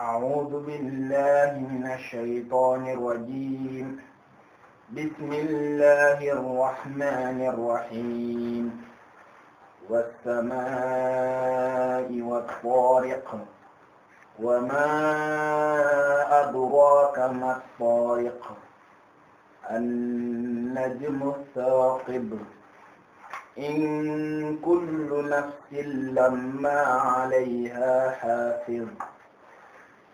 أعوذ بالله من الشيطان الرجيم بسم الله الرحمن الرحيم والسماء والطارق وما أدراك ما الطارق النجم الثاقب إن كل نفس لما عليها حافظ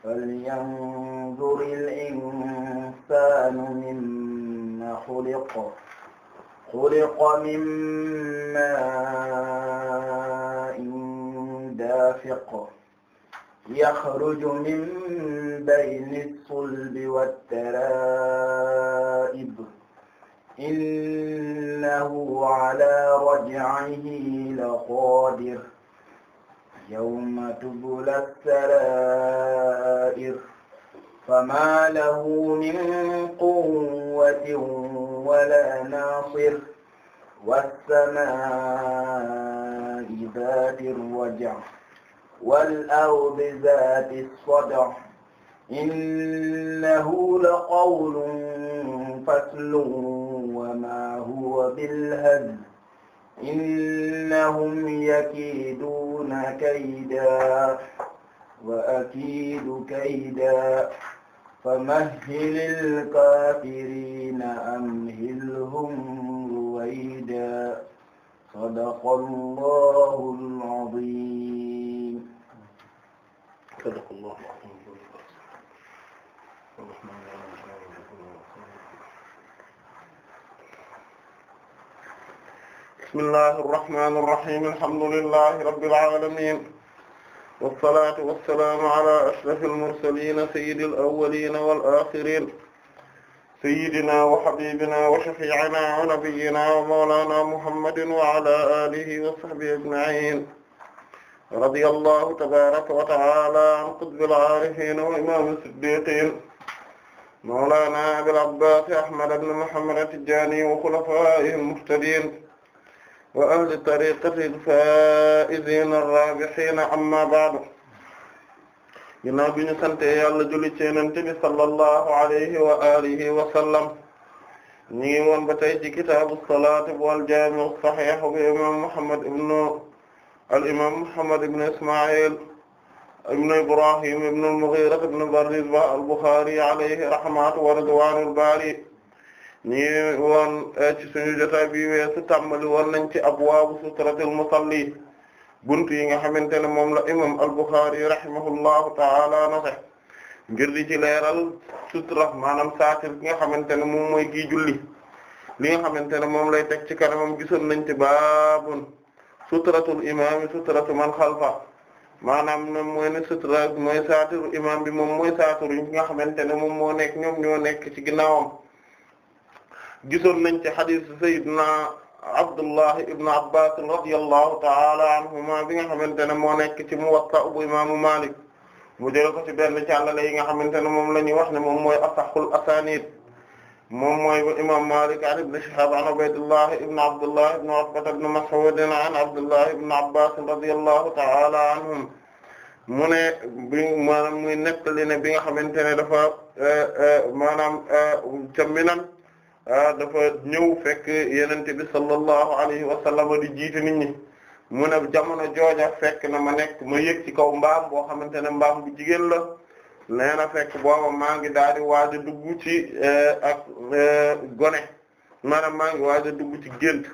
فلينظر الإنسان مما خلق خلق من ماء دافق يخرج من بين الصلب والترائب إنه على رجعه لقادر يوم تبلى السرائر فما له من قوة ولا ناصر والسماء ذات الرجع والأرض ذات الصدع إنه لقول فصل وما هو بالهزل إنهم يكيدون كيدا وأكيد كيدا فمهل الكافرين أمهلهم رويدا صدق الله العظيم صدق الله العظيم bismillahi irrahmani irrahim alhamdulillahi rabbil alamin wassalatu wassalaamu ala ashrafi almursalin sayidi alawalina wal axirin sayidina wa habibina wa shafi'ina wa nabiyyina wa mawlana muhammadin wa ala alihi wa sahbihi ajma'in radiyallahu tabaraka wa ta'ala an qutbil aarifin wa imam siddiqin mawlana abil abbas ahmad ibn muhammad at-tijani wa khulafa'ihil muhtadin wa ahli tariqati al-faa'iziina ar-raabihiina ammaa ba'du ginnaaw bi ñu sante yàlla julli ci Yonent bi sallallahu alayhi wa alihi wa sallam ñu ngi woon ba tey ci kitaabu salaat wal jaami' as-sahiih bi imaam Muhammad ibn al-imaam Muhammad ibn Ismaa'iil ibn Ibraahiim ibn al-Mughiira ibn Bariz al-Bukhaari alayhi rahmatu wa ridwaanul baari ñi woon eh, ci suñu jotaay bi weesu tàmbali woon nañ ci abwaabu sutratil musalli bunt yi nga xamante ne moom la imam al-Bukhari rahimahullahu ta'ala nasex ngir di ci leeral sutra maanaam saatir bi nga xamante ne moom mooy kii julli li nga xamante ne moom lay teg ci kanamam gisoon nañ ci baabun sutratul imam sutratu man xalfa maanaam moom mooy ne sutra mooy saatiru imam bi moom mooy saatiru yi nga xamante ne moom moo nekk ñoom ñoo nekk ci ginnaawam gisoon nañ ci hadith Seydina Abdullah ibn Abbas radiyallahu ta'ala anhuma bi nga xamante ne moo nekk ci Muwatta bu imaamu Malik mu jël ko ci benn càllale yi nga xamante ne moom la ñuy wax ne moom mooy asahul asanid moom mooy imam Malik an ibn Shihab an Ubaydullah ibn Abdullah ibn Utba ibn Mas'ud an Abdullah ibn Abbas radiyallahu ta'ala anhum mu ne bi maanaam muy nettali ne bi nga xamante ne dafa eh, eh, maanaam eh, ca Minan Ah, dafa ñëw fekk yenente bi sallallahu alayhi wa sallam di jiite nit ñi mu ne jamono jooja fekk na ma nekk ma yëg ci kaw mbaam boo xamante ne mbaam bu jigéen la nee na fekk booba maa ngi daal di waaj a dugg ci eh, ak eh, gone maanaam maa ngi waaj a dugg ci gént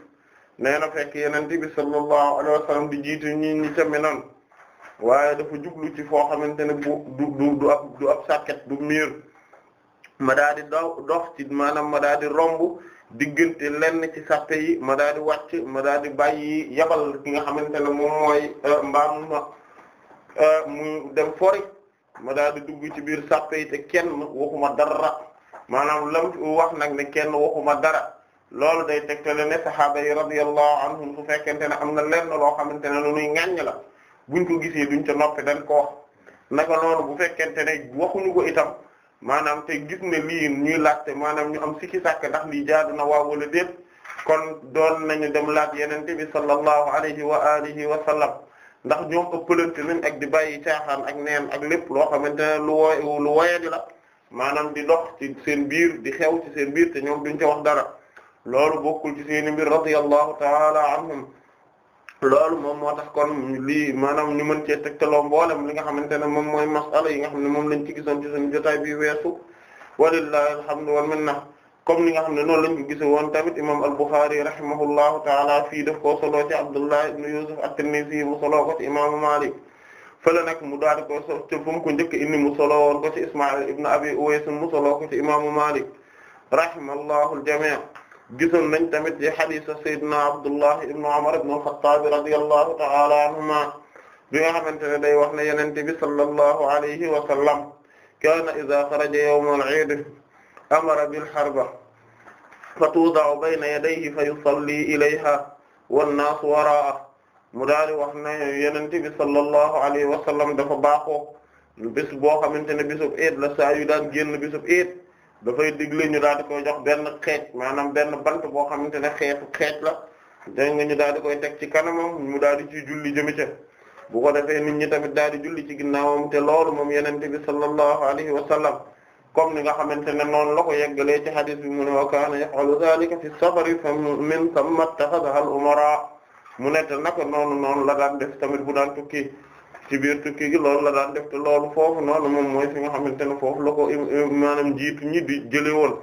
nee na fekk yenente bi sallallahu alayhi wa di jiite nit ñi tamit noonu waaye dafa jublu ci foo xamante ne bu du du du ab sàkket du miir ma daa di dox dox ci ma daa di romb diggante lenn ci sàppe yi ma daa di wàcc ma daa di bàyyi yabal ki nga xamante ne moom mooy euh, mbaam ma euh, mu dem fori ma daa di dugg ci biir sàppe yi te kenn waxuma dara maanaam lam wax nag ne kenn waxuma dara loolu day tegtale ne sahaaba yi radiyallahu anhum su fekkente ne am na lenn loo xamante ne lu nuy ŋàññ la buñ ko gisee duñ ca noppi dañ ko wax naka noonu bu fekkente ne waxuñu ko itam maanaam te gis ne lii ñuy laajte maanaam ñu am sikki sàkk ndax lii jaadu na waaw wala déet kon doon nañu dem laaj yenente bi sallallahu alayhi wa alihi wa sallam ndax ñoom ëppalante nañ ak di bàyyi caaxaan ak neen ak lépp loo xamante ne lu wooy lu la maanaam di dox ci seen biir di xew ci seen biir te ñoom duñ ca wax dara loolu bokkul ci seeni mbir radiyallahu ta'ala anhum loolu moom moo tax kon lii maanaam ñu mën cee tegtaloo mboolem li nga xamante ne moom mooy masala yi nga xam ne moom lañ ci gisoon ci suñu jotaay bi weesu walillahi alhamdu wal minna comme li nga xam ne noonu lañ ko gise woon tamit imam al-Bukhari rahimahullahu taala fii def koo soloo ci Abdullah ibn Yusuf at-Tinnisi mu soloo ko ci imaamu Malik fële nag mu daal ko so ci fu ko njëkk indi mu soloo woon ko ci Ismail ibn Abi Uways mu soloo ko ci imaamu Malik rahimallahu al-jami' gisoon nañ tamit ci hadith sayyidina Abdullah ibn Umar ibn al-Khattab radiyallahu ta'ala anhuma bi nga xamante ne day wax ne yonent bi sallallahu alayhi wa sallam kaana idha kharaja yawm al-'id amara bil harba fatuda'u bayna yadayhi fa yusalli ilayha wan-naasu wara'ahu mu daal di wax ne yonent bi sallallahu alayhi wa sallam dafa baaxoo bis boo xamante ne bisub iid la saa yu daan génn bisub iid dafay digle ñu daal di koy jox benn xeej maanaam benn bant boo xamante ne xeetu xeej la dégg nga ñu daal di koy teg ci kanamam mu daal di ci julli jëmi ca bu ko defee nit ñi tamit daal di julli ci ginnaawam te loolu moom yenente bi sallallahu alayhi wa sallam comme ni nga xamante ne noonu la ko yeggalee ci hadith bi mu ne wa kaana yaf'alu dhalika fi safari fa min thumma ittakhadha al umara mu nette naka noonu noonu la daan def tamit bu daan tukki ci biir tukki gi loolu la daan def te loolu foofu noonu moom mooy fi nga xamante ne foofu la ko maanaam jiitu ñi di jëlee woon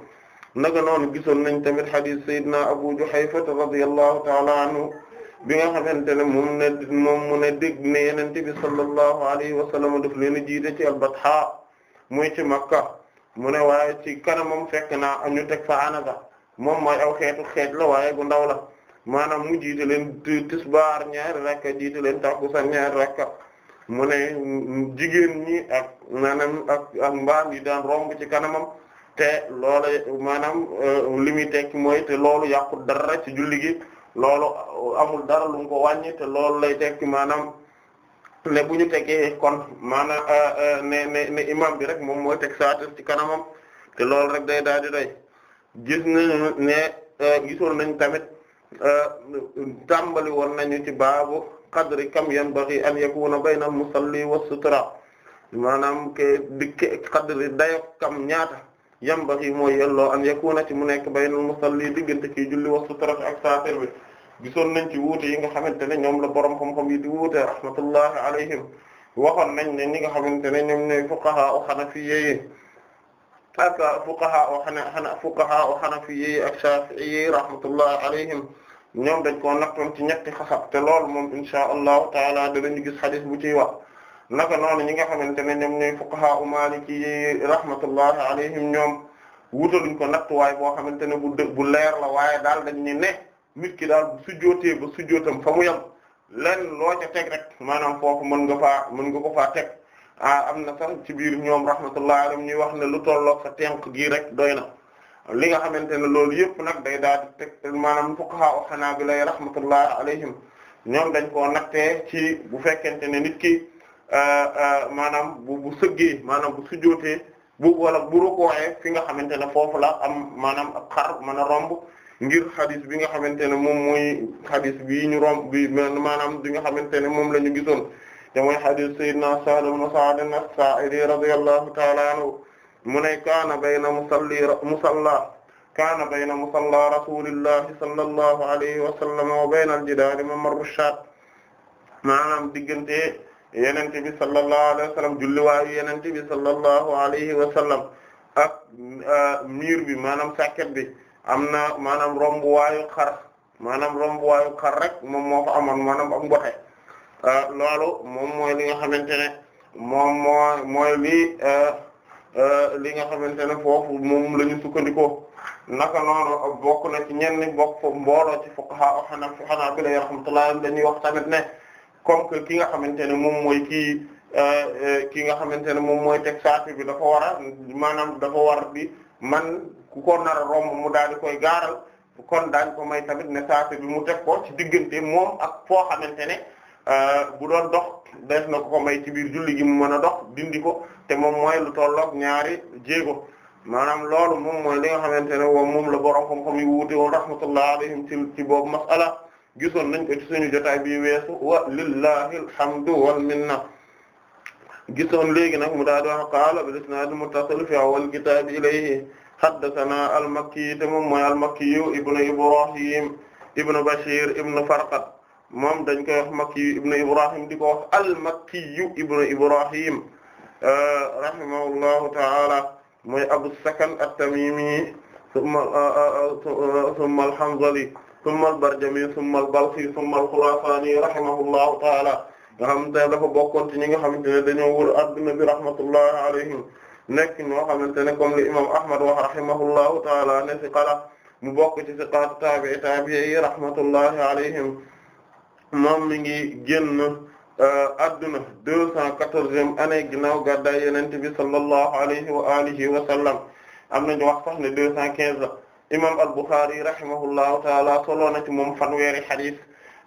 naka noonu gisoon nañ tamit hadith Seydina Abu Juhayfa radiyallahu ta'ala anhu bi nga xamante ne moom ne moom mu ne dégg ne Yonent bi sallallahu alayhi wa sallam daf leen a jiite ci al-Batha muy ci Makka mu ne waaye ci kanamam fekk naa am ñu teg fa anaba moom mooy aw xeetu xeet la waaye gu ndaw la maanaam mu jiite leen tisbaar ñaari rakka jiite leen takkusaan ñaari rakka. mu ne jigéen ñi ak maanaam ak mbaam yi daan romb ci kanamam te loolu maanaam euh, li muy tekki mooy te loolu yàqu dara ci julli gi loolu amul dara lu mu te loolu lay tekki maanaam ne bu ñu tekkee kon maanaam euh, euh, ne ne imam bi rek moom mooy teg saatir ci kanamam te loolu rek day daal di doy gis nañu ne gisoon nañ tamit tàmbali woon nañu ci baabu qadri kam yanbaghi an yakuna bayna al-musalli was-sutra maanaam ke dikke qadri dayo kam ñaata yanbaghi mooy yelloo an yakuna ci mu nekk bayna al-musalli diggante kii julli was-sutra ak saatir bi gisoon nañ ci wuute yi nga xamante ne ñoom la borom xam-xam yi di wuute rahmatullahi alayhim waxoon nañ ne ñi nga xamante ne ñoom ñooy fuqaha o hanafiyyi ak fuqaha o hana fuqaha o hanafiyyi ak shafi'i rahmatullahi alayhim ñoom dañ koo nattoon ci ñetti xasab te loolu moom insha allahu taala danañu gis xadis bu ciy wax naka noonu ñi nga xamante ne ñoom ñooy fuqaha u maliki yi rahmatullahi alayhim ñoom wutaluñ ko waaye boo xamante ne bu bu leer la waaye daal dañ ni ne nit ki daal bu sujjootee ba sujjootam fa mu yem lenn loo teg rek maanaam foofu mën nga faa mën nga ko faa teg a ah, am na sax ci biir ñoom rahmatullahi alayhim ñuy wax ne lu tolloog sa tenk gii rek doy na li nga xamante ne loolu yëpp nag day daal di teg maanaam fuqaha wa hanabila rahmatullahi alayhim ñoom dañ ko nag tee ci bu fekkente ne nit ki euh, euh, maanaam bu bu sëggee maanaam bu sujjootee bu wala bu rukkooxee fi nga xamante ne foofu la am maanaam ak xar mën a romb ngir xadis bi nga xamante ne moom mooy xadis bi ñu romb bi maanaam bi nga xamante ne moom la ñu gisoon te mooy xadis sayyidina Sahl ibn Sa'd as-Sa'idi radiyallahu ta'ala anhu mu ne kaana bayna musalli musalla kaana bayna musalla rasulillahi sallallahu alayhi wa sallam wa bayna al-jidaari mamarru shaat diggante yonent bi sallallahu alayhi wa sallam julliwaayu yonent bi sallallahu alayhi wa sallam ak euh, miir bi maanaam sàkket bi am na maanaam rombuwaayu xar maanaam rombuwaayu xar rek moom moo amoon maanaam ak mbote euh, loolu li nga xamante ne moom Euh, li nga xamante ne foofu moom lañu sukkandikoo naka noonu bokk na ci ñenn bokk foofu mbooloo ci fuqaha xanaa xanaa bi la rahmatullah dañuy wax tamit ne comme ki nga xamante ne moom mooy kii euh, ki nga xamante ne moom mooy teg saati bi dafa war a maanaam dafa war bi man ku ko nar a mu daal di koy gaaral kon daañ ko may tamit ne saati bi mu teg ko ci diggante moom ak foo xamante ne. Euh, bu doon dox def na ko ko may ci biir julli gi mu mën a dox dindi ko te moom mooy lu tolloog ñaari jéego maanaam loolu moom li nga xamante ne moom moom la borom xam-xam yi wuute woon rahmatullah alayhim ci ci boobu masala gisoon nañ ko ci suñu jotaay bi weesu wa lillahi alhamdu wal minna gisoon léegi nag mu daa di wax qaala bil mu muttasil fi awwal kitaab ilayhi haddathana al-makki te moom mooy al-makki ibnu ibrahim ibnu bashir ibnu farqad moom dañ koy wax Makki ibnu Ibrahim di ko wax al-Makki ibnu Ibrahim euh, rahimahullahu ta'ala mooy Abu Sakan at-Tamimi thumma thumma euh, euh, al-Hanzali thumma al-Barjami thumma al-Balkhi thumma al-Khurasani rahimahullahu ta'ala nga xamante ne dafa bokkoon ci ñi nga xamante ne dañoo wër adduna bi rahmatullahi alayhim nekk ñoo xamante ne comme li imam Ahmad wax rahimahullahu ta'ala ne siqa la mu bokk ci siqaat taabi'i taabi'i yi rahmatullahi alayhim moom mi ngi génn adduna euh, deux cent quatorzième année ginnaaw gàddaay yonent bi sallallahu alayhi wa alihi wa sallam am nañu wax sax ne deux cent quinze la imam al-Bukhari rahimahullahu taala soloo na ci moom fan fanweeri xadis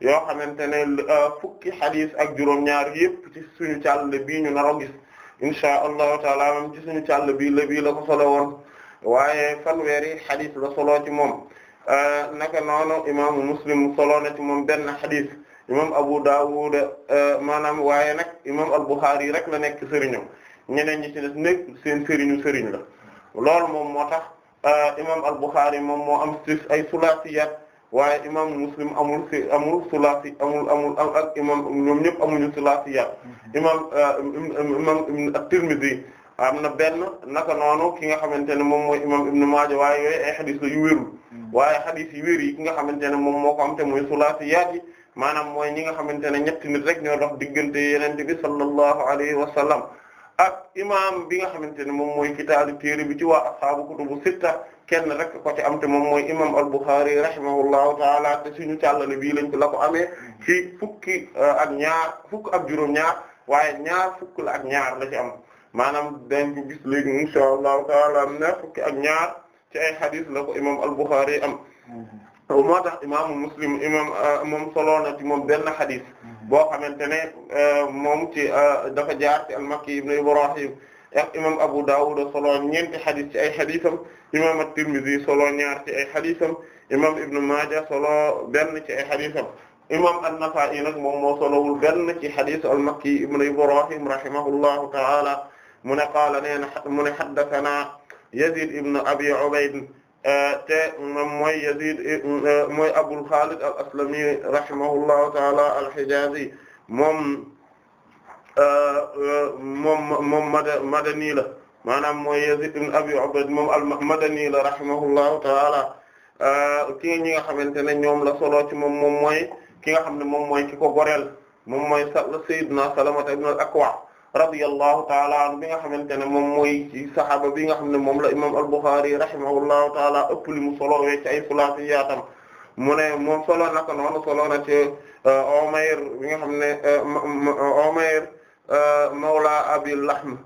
yoo xamante ne euh, fukki xadis ak juróom-ñaar yëpp ci suñu càll bii ñu naro gis insha allahu taala moom ci suñu càll bii la bii la ko solo woon waaye fanweeri xadis la soloo ci moom euh, naka noonu imaamu Muslim soloo na ci moom benn xadis imam Abu Dawud eh, maanaam waaye nag imam al-Bukhari yi rek la nekk sëriñam ñeneen ñi ci des seen sëriñu sëriñ la loolu moom moo tax eh, imam al-Bukhari moom moo am ci ay sulaasiyaat waaye imam Muslim amul si amul sulaasi amul amul ak imam ñoom ñëpp amuñu sulaasiyaat mm-hmm. imam eh, imam at-Tirmidhi am na benn naka noonu ki nga xamante ne moom mooy imam Ibn Maaja waaye yooyu ay xadis la yu mm-hmm. waaye xadis yu yi ki nga xamante ne moom moo ko am te mooy sulaasiyaat yi maanaam mooy ñi nga xamante ne ñetti nit rek ñoo dox diggante yenente bi sallallahu alayhi wa sallam ak imaam bi nga xamante ne moom mooy kitaalu téere bi ci waa ashaabu kutubu sitta kenn rek ko ci am te moom mooy imam al-Bukhari rahimahullahu taala te suñu càllale bii lañ ko la ko amee ci fukki euh, ak ñaar fukk ak juróom ñaar waaye ñaar fukk ak ñaar la ci am maanaam dañ ko léegi insha fukki ak ñaar ci ay hadith la ko al-Bukhari am mm-hmm. moo tax imaamu muslim imaam euh, moom solo na ci moom benn xadis boo xamante ne euh, moom ci euh, dafa jaar ci al-Makki ibn Ibrahim ak imaam Abu Dawud solo ñeenti xadis ci ay xadisam imaam at-Tirmidhi solo ñaar ci ay xadisam imaam Ibn Maaja solo benn ci ay xadisam imaam an-Nasa'i nag moom moo solowul benn ci xadis al-Makki ibn Ibrahim rahimahullahu ta'ala mu ne qaala nee na mu ne haddathana Yazid ibn Abi Ubayd Euh, te moom mooy Yazid euh, mooy Abul Khalid al-Aslami rahimahullahu ta'ala al-Hijazi moom euh, moom moom madani la maanaam mooy Yazid ibn Abi Ubayd moom al-Madani la rahimahullahu ta'ala ki ñi nga xamante ne ñoom la solo ci moom moom mooy ki nga xam ne moom mooy ki ko goreel moom mooy Sayyidna Salamata ibn al-Akwa radiyallahu taala anhu bi nga xamante ne moom mooy ci saxaaba bi nga xam ne moom la imam al-Bukhari rahimahullahu taala ëpp li mu solo wecc ay sulaasiyaatam mu ne moom solo naka noonu solo na ci uh, Umayr bi nga xam ne uh, uh, Umayr mawla Abi Lahm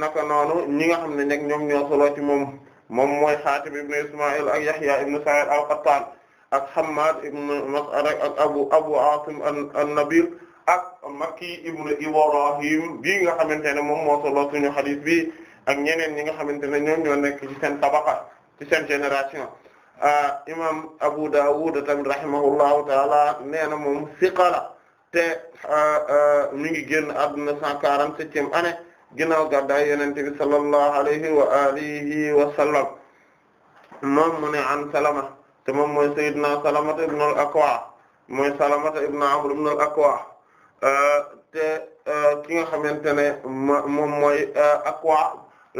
naka noonu ñi nga xam ne nag ñoom ñoo solo ci moom moom mooy Xaatim ibn Isma'il ak ibn Sa'id al-Qattan ak Hammad ibn Mas'ad Abu Abu Asim nabil ak Makki ibnu Ibrahim bi nga xamante ne moom moo solo suñu hadith bi ak ñeneen ñi nga xamante ne ñoom ñoo nekk ci seen tabaqa ci seen génération ah, imam Abu Dawud tamit rahimahullahu taala nee na moom siqa la te ah, ah, mi ngi génn àdduna cent quarante-septième année ginnaaw gàddaay yonent bi sallallahu alayhi wa alihi wa sallam an Salama te moom mooy Sayyidina Salamata ibn mooy Salamata ibn Amr ibn al Euh, te euh, ki nga xamante ne moom mooy euh, Akwa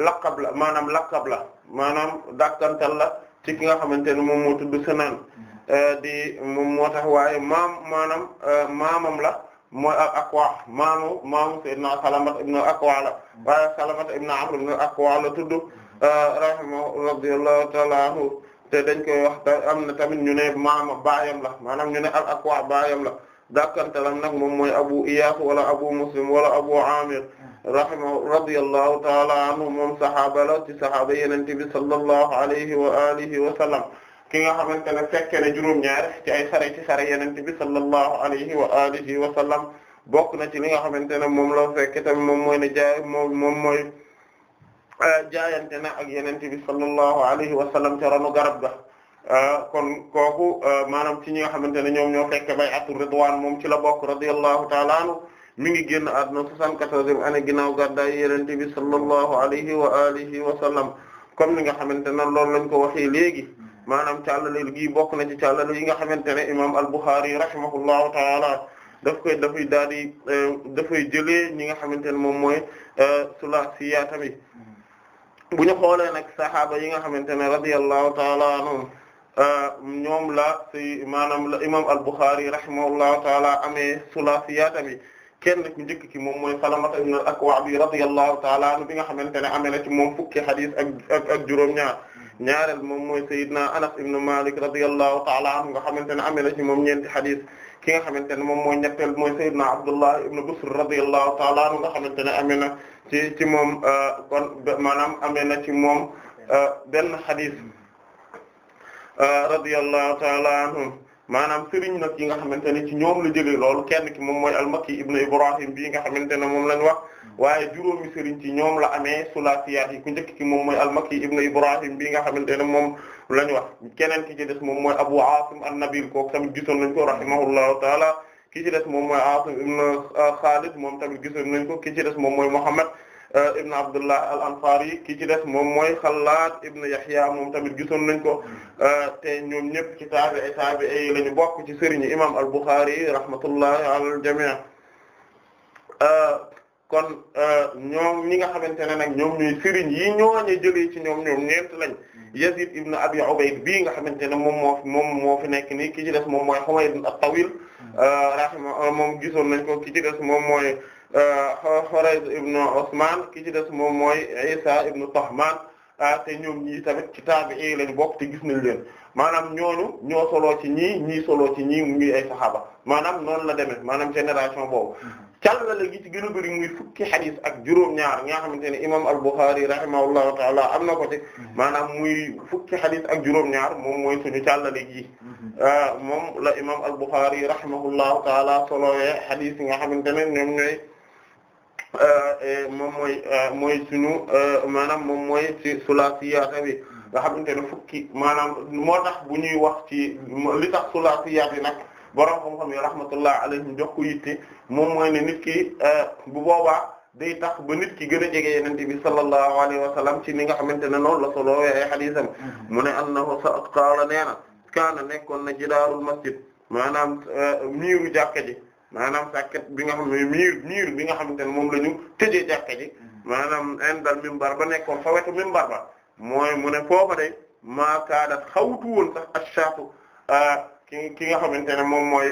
laqab la maanaam laqab la maanaam dàkkantal la ci ki nga xamante ne moom moo tudd Sinan mm-hmm. di moom moo tax waaye maam maanaam maamam la mooy ak Akwa maamu maamu Seydina Salamat ibn Akwa la mm-hmm. waaye Salamat ibn Amr ibn Akwa la tudd mm-hmm. rahimahu radiyallahu ta'ala anhu te dañ koy wax am na tamit ñu ne maama baayam la maanaam ñu ne al Akwa baayam la dàkkantalam nag moom mooy abu iyas wala abu muslim wala abu amir rahima radiyallahu taala anhu moom sahaaba la ci sahaaba yenente bi sallallahu alayhi wa alihi wa sallam ki nga xamante ne fekke ne juróom-ñaar ci ay xare ci xare yenente bi sallallahu alayhi wa alihi wa sallam bokk na ci li nga xamante ne moom la fekke tamit moom mooy ne jaay moom moom mooy eh, jaayante na ak yenente bi sallallahu alayhi wa sallam ca ronu garab ga Euh, kon kooku euh, maanaam ci ñi nga xamante ne ñoom ñoo fekk bay atu ridwaan moom ci la bokk radiyallahu ta'ala anhu mi ngi génn àdduna soixante-quatorzième année ginnaaw gàddaay Yonent bi sallallahu alayhi wa alihi wa sallam comme ni nga xamante ne loolu lañ ko waxee léegi maanaam càllale gi bokk na ci càllale yi nga xamante ne imam al-Bukhari rahimahullahu ta'ala daf koy dafay daal di euh, dafay jëlee ñi nga xamante ne moom mooy sulaasiyaat bi bu ñu xoolee nag sahaaba yi nga xamante ne radiyallahu ta'ala anhum Euh, ñoom la si maanaam la imam al-Bukhari rahimahullahu taala amee sulaasiyaat bi kenn ku njëkk ki moom mooy Salamata ibn ak akwa bi radiyallahu taala anhu bi nga xamante ne amee na ci moom fukki xadis ak ak juróom-ñaar ñaareel moom mooy Seydina Anas ibn Malik radiyallahu taala anhu nga xamante ne amee na ci moom ñeenti xadis ki nga xamante ne moom mooy ñetteel mooy Seydina Abdullah ibn Busr radiyallahu taala anhu nga xamante ne amee na ci ci moom euh, kon maanaam amee na ci moom euh, benn xadis. Euh, radiyallahu ta'ala anhum maanaam sëriñ na yi nga xamante ne ci ñoom la jëlee loolu kenn ki moom mooy al-Makki ibn Ibrahim nga xamante ne moom lañ wax waaye juróomi sëriñ ci ñoom la amee sulaasiyaat yi ku njëkk ki moom mooy al-Makki ibn Ibrahim bii nga xamante ne moom lañ wax keneen ki ci des moom mooy Abu Asim an-Nabil kooku tamit gisoon nañ ko rahimahullahu taala ki ci des moom mooy Asim ibn Khalid moom tamit gisoon nañ ko ki ci moom mooy Muhammad Euh, ibn Abdullah al-Ansari ki ci des moom mooy Xallaad ibn Yahya moom tamit gisoon nañ ko euh, te ñoom ñëpp ci taabi'i taabi'i lañu bokk ci sëriñu imam al-Bukhari rahmatullahi ala al-jami' euh, kon ñoom ñi nga xamante ne nag ñoom ñuy sëriñ yi ñooñu jëlee ci ñoom ñoom ñeent lañ Yazid ibn Abi Ubayd bii nga xamante ne moom moo moom moo fi nekk nii ki ci des moom mooy Humayd at-Tawil mm. moom gisoon nañ ko ki ci des moom mooy Hurayz ibn Usman ki ci des moom mooy Isa ibn Tahman ah, te ñoom ñii tamit ci taabi'i lañ bokk te gis nañ leen maanaam ñooñu ñoo soloo ci ñii ñii solo ci ñi mu ngi ay saxaaba maanaam noonu la demee maanaam génération boobu càllale gi ci gën a bëri muy fukki xadis ak juróom-ñaar nga xamante ne imam al-Bukhari rahimahullahu taala am na ko ci maanaam muy fukki xadis ak juróom-ñaar moom mooy suñu càllale gi mm-hmm. ah, moom la imam al-Bukhari rahimahullahu taala solowee xadis yi nga xamante Euh, moom mooy euh, mooy suñu euh, maanaam moom mooy ci sulaasiyaat bi nga xamante ne fukki maanaam moo tax bu ñuy wax ci li tax sulaasiyaat yi nag borom xam-xam yi rahmatullah alayhim jox ko yitte moom mooy ne nit ki bu boobaa day tax ba nit ki gën a jege yenente bi sallallahu alayhi wa ci ni nga xamante ne noonu la soloowe ay hadisam mm-hmm. mu ne annahu sa qaala nee na kaana nekkoon na jidaarul masjid maanaam miiru jàkka ji maanaam sàkket bi nga xam ne miir miir bi nga xamante ne moom la ñu tëjee jàkka ji mm-hmm. maanaam indal minbar ba nekkoon fa wetu minbar ba mooy mu ne foofa de maakaadat xawtu woon sax achaatu ki ki nga xamante ne moom mooy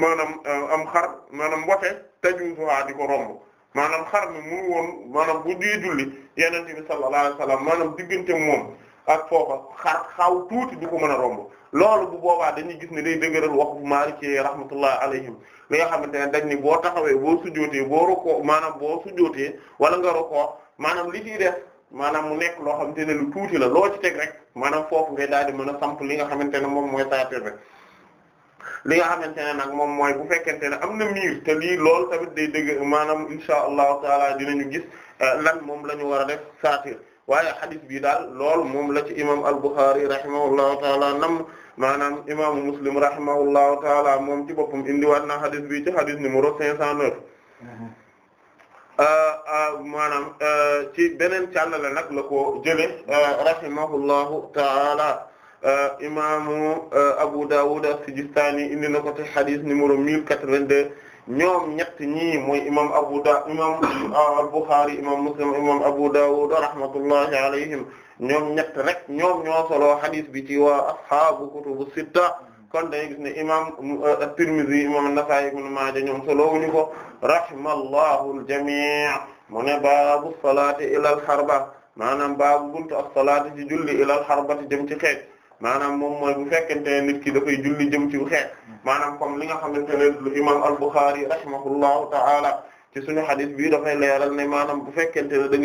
maanaam am xar maanaam mbote tajuusuhaa di ko romb maanaam xar mi mu woon maanaam bu dee julli yenente bi sallallahu alayhi wasallam maanaam diggante moom ak foofa xar xaw tuuti du ko mën a romb loolu bu boobaa dañuy gis ne day dëgëral waxu Maliki rahmatullah alayhim li nga xamante ne dañ ni boo taxawee boo sujootee boo rokoo maanaam boo sujootee wala nga rokoo maanaam li ciy def maanaam mu nekk loo xamante ne lu tuuti la loo ci teg rek maanaam foofu ngay daal di mën a samp li nga xamante ne moom mooy saatir rek li xamante ne nag moom mooy bu fekkente ne am na miir te lii loolu tamit day dëgg maanaam insha allahu taala dinañu gis eh, lan moom la ñu war a def saatir waaye xadis bii daal lool moom la ci imam al-Bukhari rahimahullahu taala nam maanaam imaamu Muslim rahimahullahu taala moom ci boppam indiwaat na xadis bi ci xadis numéro 509. Mhm. Euh, euh, maanaam euh, ci beneen càllale nag la ko jële rahimahullahu taala imaamu Abu Dawud as-Sijistani indi na ko ci xadis numéro 1082 ñoom ñett ñii mooy imam Abu Da imam al-Bukhari imam Muslim imam Abu Dawud rahmatullahi alayhim ñoom ñett rek ñoom ñoo solo hadis bi ci waa ashaabu kutubu sitta kon dañuy gis ne imam euh, at-Tirmidhi imam an-Nasa'i ibn Maaja ñoom solo wuñu ko rahimallahu al-jami' mu ne baabu salaati ila al maanaam baabu buntu as-salaati ila al-harbati jëm ci xeet maanaam moom mooy bu fekkente ne nit ki dafay julli jëm ci xeet maanaam comme li nga xamante ne lu imam al-Bukhari rahimahullahu ta'ala ci suñu xadis bii dafay leeral ne maanaam bu fekkente ne da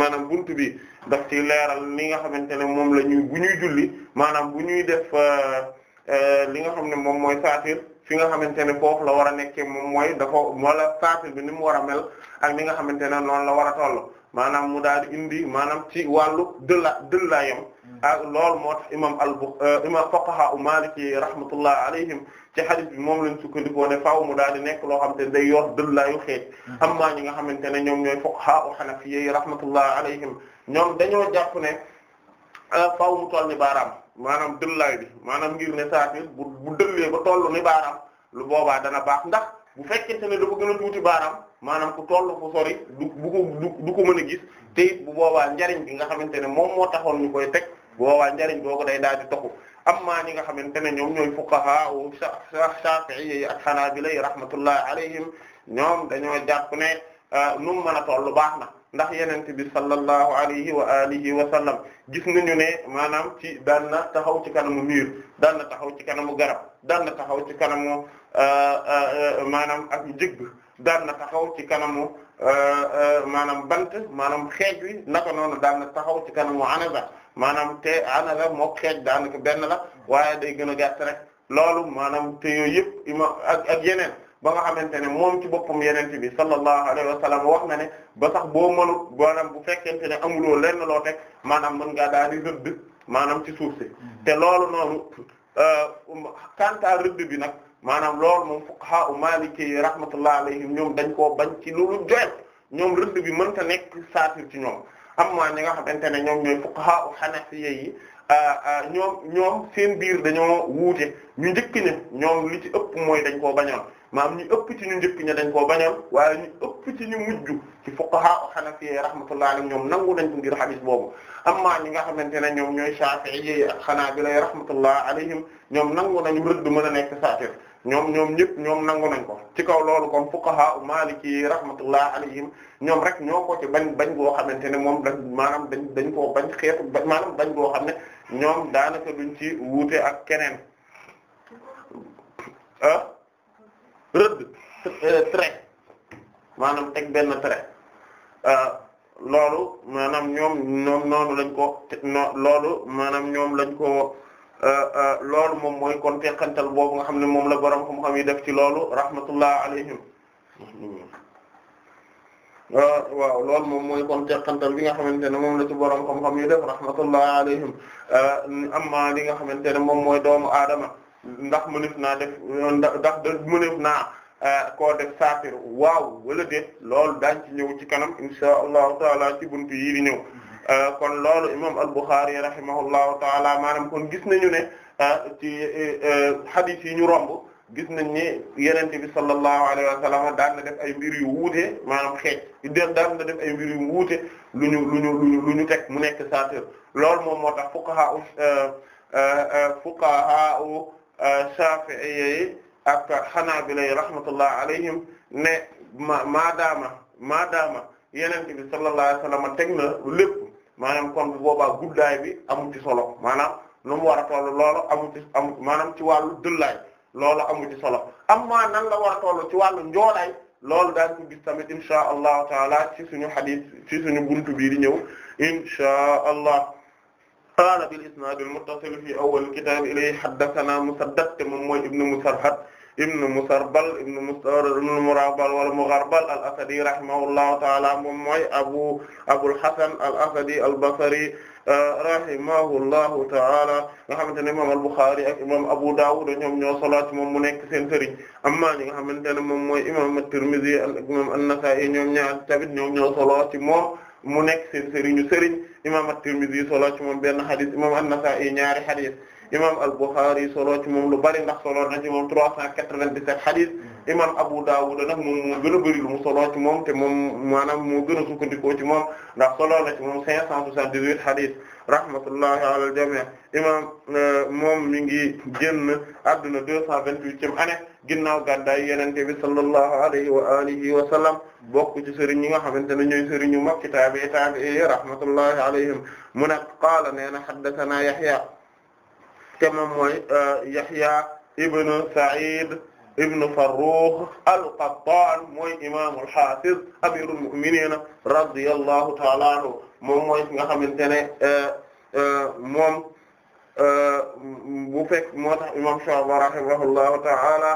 maanaam buntu bi daf ci leeral li nga xamante ne moom la ñuy bu ñuy maanaam bu ñuy def euh, euh, li nga xam ne moom mooy saatir fi nga xamante ne foofu la war a nekkee moom mooy dafa wala saatir bi ni mu war a mel ak li nga xamante ne noonu la war a toll maanaam mu daal di indi maanaam ci wàllu dëlla dëllaayam Ah, loolu moo tax imam al euh, imam fuqaha u maliki rahmatullah alayhim ci hadith bi moom lañ sukkandikoo ne faaw mu daal di nekk loo xamante ne day yor dëllaayu xeej mm-hmm. amma ñi nga xamante ne ñoom ñooy fuqaha u hanafiyyi rahmatullah alayhim ñoom dañoo jàpp ne euh, faaw mu toll ni baaraam maanaam dëllaay bi maanaam ngir ne saati bu bu dëllee ba toll ni baaraam lu boobaa dana baax ndax bu fekkente ne dafa gën a tuuti baaraam maanaam ku toll fu sori du du ko du ko mën a gis te bu boobaa njariñ bi nga xamante ne moom moo taxoon ñu koy teg boowaa njariñ boobu day daal di toxu amma ñi nga xamante ne ñoom ñooy fuqaha u Shafi'i ak Hanabila rahmatullahi alayhim ñoom dañoo jàpp ne ah, nu mu mën a toll baax na ndax yenent bi sallallahu alayhi wa alihi wa sallam gis nañu ne maanaam ci daan na taxaw ci kanamu miir daan na taxaw ci kanamu garab daan na taxaw ci kanamu ah, ah, maanaam ak jëgg daan na taxaw ci kanamu maanaam bant maanaam xeej wi naka noonu daan na taxaw ci kanamu anaza maanaam te ana la moo xeej daanaka benn la waaye day gën a gàtt rek loolu maanaam te yooyu yëpp ima ak ak yeneen ba nga xamante ne moom ci boppam yenente bi sallallahu alayhi wa sallam wax na ne ba sax boo mënut maanaam bu fekkente ne amuloo lenn loo teg maanaam mën ngaa daal di rëdd maanaam ci suuf si te loolu noonu kanta euh, um, rëdd bi nag maanaam lool moom fuqaha u maliki yi rahmatullah alayhim ñoom dañ koo bañ ci lu joyet ñoom rëdd bi mënta nekk saatir ci ñoom amma ñi nga xamante ne ñoom ñooy fuqaha hanafiyya yi ñoom ñoom seen biir dañoo wuute ñu njëkk ña ñoom li ci ëpp mooy dañ koo bañoon maam ñu ëpp ci ñu njëkk dañ koo bañoon waaye ñu ëpp ci ñu mujj ci fuqaha hanafiyya rahmatullahi alayhim ñoom nangu nañ ko ngir hadith boobu amma ñi nga xamante ne ñoom ñooy shafi'iyya ak hanabila rahmatullahi alayhim ñoom nangu nañu rëdd mën a nekk saatir ñoom ñoom ñëpp ñoom nangu nañ ko ci kaw loolu kon fuqaha maliki rahmatullah alayhim ñoom rek ñoo ko ci bañ bañ boo xamante ne moom dañ maanaam dañ dañ koo bañ xeetu maanaam bañ goo xam ne ñoom daanaka duñ ci wuute ak keneen ah rëdd euh, trait maanaam teg benn trait ah, loolu maanaam ñoom ñoom lañ ko loolu maanaam ñoom lañ ko Euh, euh, loolu moom mooy kon teqantal boobu nga xam ne moom la borom xam-xam yi def ci loolu rahmatullah alayhim euh, waaw loolu moom mooy kon teqantal bi nga xamante ne moom la ci borom xam-xam yi def rahmatullah alayhim amma li nga xamante ne moom mooy doomu aadama ndax mënef naa def ndax da mënef naa koo def saafir waaw wala déet loolu daañ ci ñëw ci kanam insha allahu taala ci buntu yii ñëw Euh, kon loolu imam al-Bukhari rahimahullahu taala maanaam kon gis nañu ne euh, ci euh, hadith yi ñu romb gis nañ ni yenente bi sallallahu alayhi wa sallam daan na def ay mbir yu wuute maanaam xeej daan na def ay mbir yu wuute lu ñu lu ñu luñu mu nekk saatir lool moom moo tax fuqaha u fuqaha u Shafi'i ak Hanabila rahmatullah alayhim ne ma maadaama maadaama yenente bi sallallahu alayhi wa teg lépp maanaam kon bu boobaa guddaay bi amu ci solo maanaam nu mu war a loolu amu ci maanaam ci wàllu dëllaay loolu amu ci solo amma nan la war a ci wàllu njoolaay loolu daal ko gis tamit insha allahu taala ci suñu hadith ci suñu buntu bii di ñëw insha allah qaala bil isnaad al muttasil fi awwal kitaab ilayhi haddathana musaddad moom mooy ibnu musarhad ibnu Musarbal ibnu Mustawrad ibnu Murabal wala Mugharbal al-Asadi rahimahullahu ta'ala moom mooy Abu Abul Hasan al-Asadi al-Basri euh, rahimahullahu ta'ala nga xamante ne imaam al-Bukhari ak imaam Abu Dawud ñoom ñoo solo ci moom mu nekk seen sëriñ amma ñi nga xamante ne moom mooy imaam at-Tirmidhi ak imaam an-Nasa'i ñoom ñaar tamit ñoom ñoo solo ci moom mu nekk seen sëriñu sëriñ imaam at-Tirmidhi solo ci moom benn hadith imaam an-Nasa'i ñaari hadith. imam al-Bukhari solo ci moom lu bari ndax solo na ci moom 397 hadith hmm. imam Abu Dawud nag moom moo gën mu moom te moom maanaam moo gën a sukkandikoo ci moom ndax solo na ci moom 578 hadith rahmatullahi ala al-jami' imam euh, moom mi ngi génn adduna 228e année ginnaaw gàddaay yenente bi sallallahu alayhi wa alihi wa sallam bokk ci sëriñ ñi nga xamante ne ñooy sëriñ ñu makki taabi taabi rahmatullahi alayhim mu ne qaala nee na haddathana Yahya te moom mooy euh, Yahya ibn Sa'id ibn Farrukh al-Qattan mooy imam al-Hafiz amirul mu'minin radiyallahu ta'ala anhu moom mooy nga xamante ne euh, euh, moom bu fekk moo tax imam Shu'ba rahimahullahu ta'ala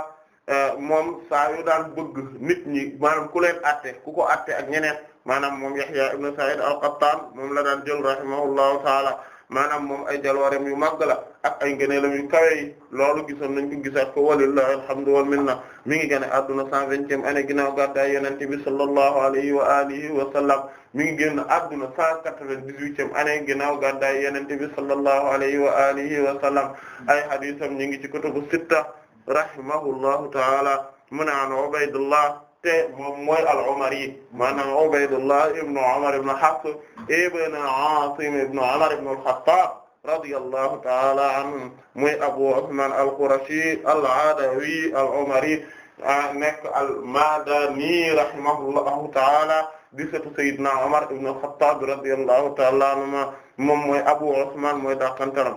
moom saa yu daan bëgg nit ñi maanaam ku leen atte ku ko atte ak ñeneen maanaam moom Yahya ibn Sa'id al-Qattan moom la daan jël rahimahullahu ta'ala maanaam moom ay jaloorem yu màgg la ak ay ngëneelam yu kawe yi loolu gisoon nañ ko gisaat ko walillahi alhamdu wal minna mi ngi génn adduna cent vingtième année ginnaaw gàddaay yonent bi sallallahu alayhi wa alihi wa sallam mi ngi génn adduna cent quatre-vingt-dix-huitième année ginnaaw gàddaay yonent bi sallallahu alayhi wa alihi wa sallam ay hadisam ñi ngi ci kutubu sitta rahimahullahu ta'ala mu naan Ubaydullah te moom mooy al-Umari maanaam Ubaydullah ibnu Umar ibnu Hafs ibnu Asim ibnu Umar al-Khattab radiyallahu ta'ala anhu muy Abu Usman al-Qurashi al-Adawi al-Umari ah, nekk al-Madani rahimahullahu ta'ala di sëtu Seydina Omar ibn al-Khattab radiyallahu ta'ala anhuma moom mooy Abu Usman mooy dàqantaram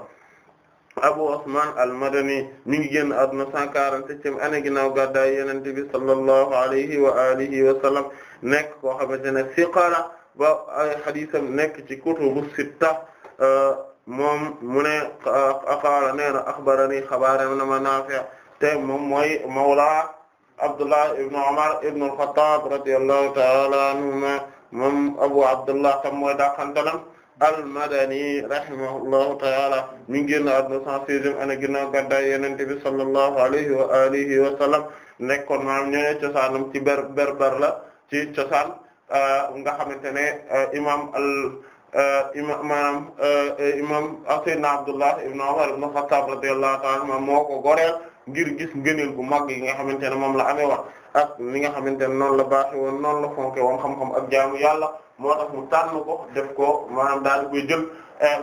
Abu Usman al-Madani mi ngi génn àdduna 147e année ginnaaw gàddaay Yonent bi sallallahu alayhi wa alihi wa sallam nekk koo xamante ne siqa la ba ay hadiisam nekk ci kutubu sitta moom mu ne qaala nee na axbarani xabaare na ma Naafi' te moom mooy mawla Abdullah ibn Umar ibn al-Khattab radiyallahu ta'ala anhuma moom Abu Abdullah tam mooy daqantalam al-Madani rahimahullahu ta'ala mi ngi génn àdduna cent seizième année ginnaaw gàddaay Yonent bi sallallahu alayhi wa alihi wa sallam nekkoon maam ñooñu cosaanam ci ber berber la ci cosaan nga xamante ne imam al Euh, imam maanaam euh, euh, imam Seydina Abdullah ibn Umar ibn Khattab radiyallahu ta'ala anhu moo ko goreel ngir gis ngëneel gu mag yi nga xamante ne moom la amee woon ak li nga xamante ne noonu la baaxe woon noonu la fonke woon xam-xam ak jaamu yàlla moo tax mu tànn ko def ko maanaam daal di koy jël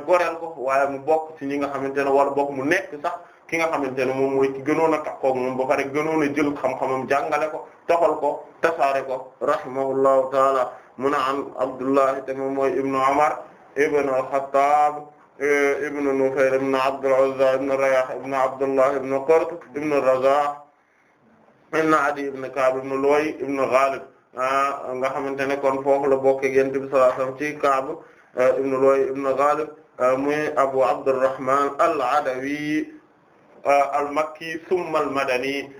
goreel ko waaye mu bokk ci ñi nga xamante ne war bokk mu nekk sax ki nga xamante ne moom mooy ci gënoon a kook moom ba pare gënoon a jël xam-xamam jàngale ko toxal ko tasaare ko rahimahullahu taala mu ne an Abdullah te moom mooy ibnu Umar ibnu al-Khattab ibnu Nufayl ibnu Abdul Uzza ibnu Rayah ibnu Abdullah ibnu Qurt ibnu Razah ibnu Adi ibnu Ka'b ibnu Luway ibnu Ghalib ah, nga xamante ne kon foofu la bokk ak Yonent bi sallallahu alayhi wasallam ci Ka'b ibnu Luway ibnu Ghalib ah, muy Abu Abdurrahman al-Adawi al-Makki thumma al-Madani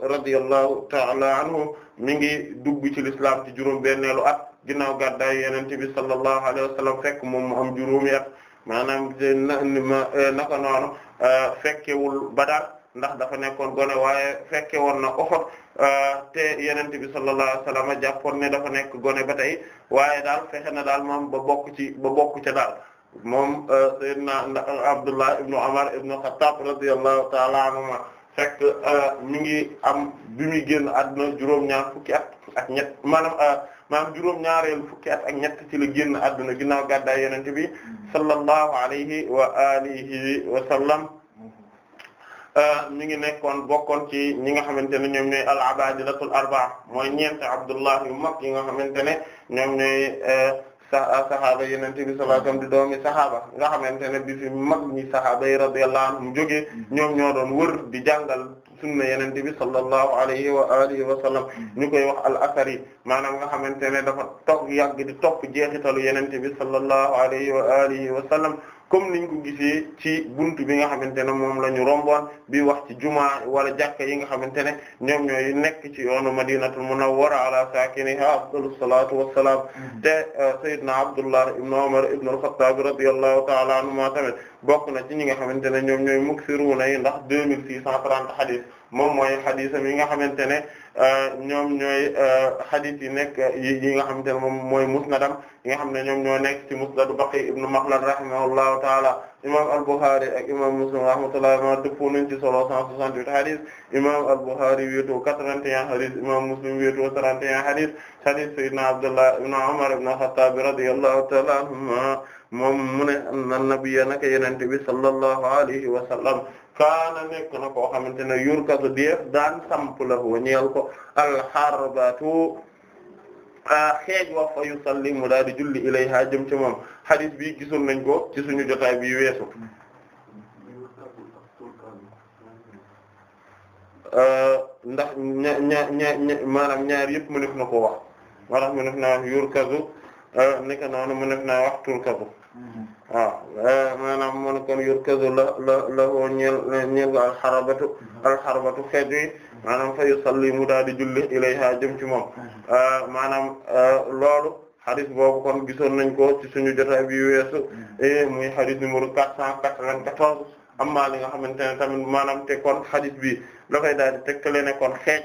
radiyallahu ta'ala anhu mi ngi dugg ci l'islam ci juróom benneelu at ginnaaw gàddaay Yonent bi sallallahu alayhi wa sallam fekk moom mu am juróomi at na eh, naka noonu euh, fekkewul Badar ndax dafa nekkoon gone waaye fekke woon na Uhud euh, te Yonent bi sallallahu alayhi wa sallam jàppoon ne dafa nekk gone ba tey waaye daal fexe na daal moom ba bokk ci ba bokk ca daal moom euh, Seydina Abdullah ibnu Umar ibnu Xattaab radiyallahu ta'ala anhuma fekk euh, mi ngi am bi muy génn àdduna juróom-ñaar fukki at ak ñett maanaam euh, maanaam juróom-ñaareelu fukki at ñett ci la génn àdduna ginnaaw gàddaay yonent bi sallallahu alayhi wa alihi wa sallam mi ngi nekkoon bokkoon ci ñi nga xamante ne ñoom ñooy al-abaadilatul arba'a mooy ñeent Abdullah yu mag yi nga xamante ne ñoom ñooy sa sahaaba yenente bi sallallahu alayhi wasallam di doomi sahaaba nga xamante ne bi fi mag ñi sahaaba yi radiyallahu anhum jógee ñoom ñoo doon wër di jàngal sunna yenente bi sallallahu alayhi wa alihi wa sallam ñu koy wax al asari maanaam nga xamante ne dafa toog yàgg di topp jeexitalu yenente bi sallallahu alayhi wa alihi wa sallam comme niñ ko gisee ci buntu bi nga xamante ne moom la ñu romboon bi wax ci jumaa wala jàkka yi nga xamante ne ñoom ñooy nekk ci yoonu madinatul munawwara ala saakiniha afdalu salaatu wassalaam mm-hmm. te uh, sayyidna abdullah ibn umar ibn al-khattab radiyallahu ta'ala anhuma tamit bokk na ci ñi nga xamante ne ñoom ñooy muksiruuna yi ndax deux mille six cent trente hadith moom mooy hadith yi nga xamante ne Euh, ñoom ñooy hadith euh, yi nekk yi nga xamante ne moom mooy musnadam yi nga xam ne ñoom ñoo nekk ci musnad Baqi ibn Makhlad rahimahullahu ta'ala imam al-Bukhari ak imam Muslim rahmatullahi alayhi dëppoo nañ ci solo 168 hadith imam al-Bukhari wéetoo 81 hadith imam Muslim wéetoo 31 hadith hadith sayyidina Abdullah ibn Umar ibn Khattab radiyallahu ta'ala anhuma moom mu ne anna nabiyya naka yenente bi sallallahu alayhi wa sallam kaana nekk na koo xamante ne yurkasu def daan samp lahu ñeel ko alxarbatu xeej wax fa yusalli mu daal di julli ilayha jëm ci moom xadis bi gisul nañ ko ci suñu jotaay bi weesu ndax ña ña ña maanaam ñaar yëpp mu def na ko wax moo tax mu yurkasu nekk na mu naa wax turkasu mm-hmm. waaw ah, eh, maanaam mu ne kon yurkazu la la la woo ñeel ñeel nga alxarabatu mm-hmm. alxarabatu xeet wi maanaam fa yusalli mu daal di lay ilayha jëm ci moom mm-hmm. ah, maanaam eh, loolu xadis boobu kon gisoon nañ ko ci suñu jota bi weesu mm-hmm. eh, muy xadis numéro quatre cent quatre-vingt-quatorze amma li nga xamante ne tamit maanaam te kon xadis bi dafay daal di tegtale ne kon xeet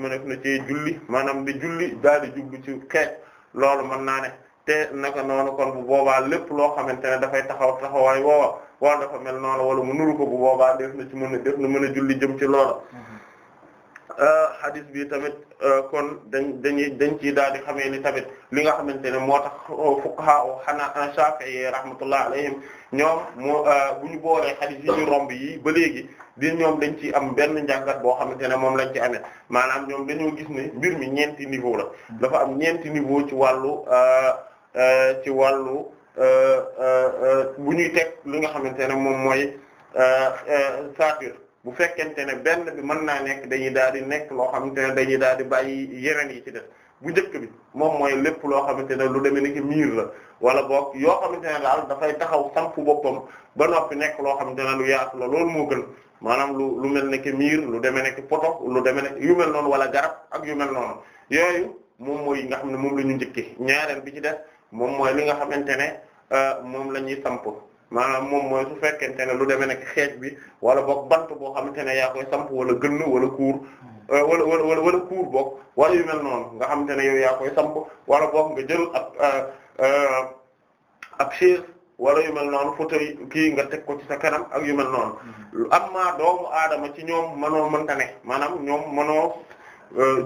mu nekk na ci julli maanaam di julli daal di jublu ci xeet loolu mën naa ne te naka noonu kon bu boobaa lépp loo xamante ne dafay taxaw taxawaay woowa wala dafa mel noonu wala mu nuru ko bu boobaa def na ci mën a def na mën a julli jëm ci loola mm-hmm. euh, hadis bi tamit euh, kon dañ dañuy dañ ciy daal di xamee ni tamit li nga xamante ne moo tax euh, fuqaha o xanaa Shafi'i rahmatullah alayhim ñoom moo bu ñu boolee hadis yi ba léegi di ñoom dañ ciy am benn njàngat boo xamante ne moom lañ ci amee maanaam ñoom dañoo gis ne mbir mi ñeenti niveau la mm-hmm. dafa am ñeenti niveau ci wàllu Euh, ci wàllu euh, euh, bu ñuy teg li nga xamante ne moom mooy saatir bu fekkente ne benn bi mën naa nekk dañuy daal di nekk loo xamante ne dañuy daal di bàyyi yeneen yi ci def bu njëkk bi moom mooy lépp loo xamante ne lu demee ni ki wala boog yoo xamante ne daal dafay taxaw samp boppam ba noppi nekk loo xamante ne lu yaatu la loolu moo gën maanaam lu mel ne ki miir lu demee ne ki poto lu deme ne yu mel noonu wala garab ak yu mel noonu yooyu moom mooy yi nga xam ne moom la ñu njëkki ñaareel bi ci def moom mooy li nga xamante ne euh, moom la ñuy samp maanaam moom mooy su fekkente ne lu demee nekk xeej bi wala boog bant boo xamante ne yaa koy samp wala gënn wala kuur euh, wala wala wala kuur boog wala yu mel noonu nga xamante ne yow yaa koy samp wala boog nga jël ab euh, ab chaise wala yu mel noonu fauteuil kii nga teg ko ci sa kanam ak yu mel noonu mm-hmm. amma doomu aadama ci ñoom mënoo mënta ne maanaam ñoom mënoo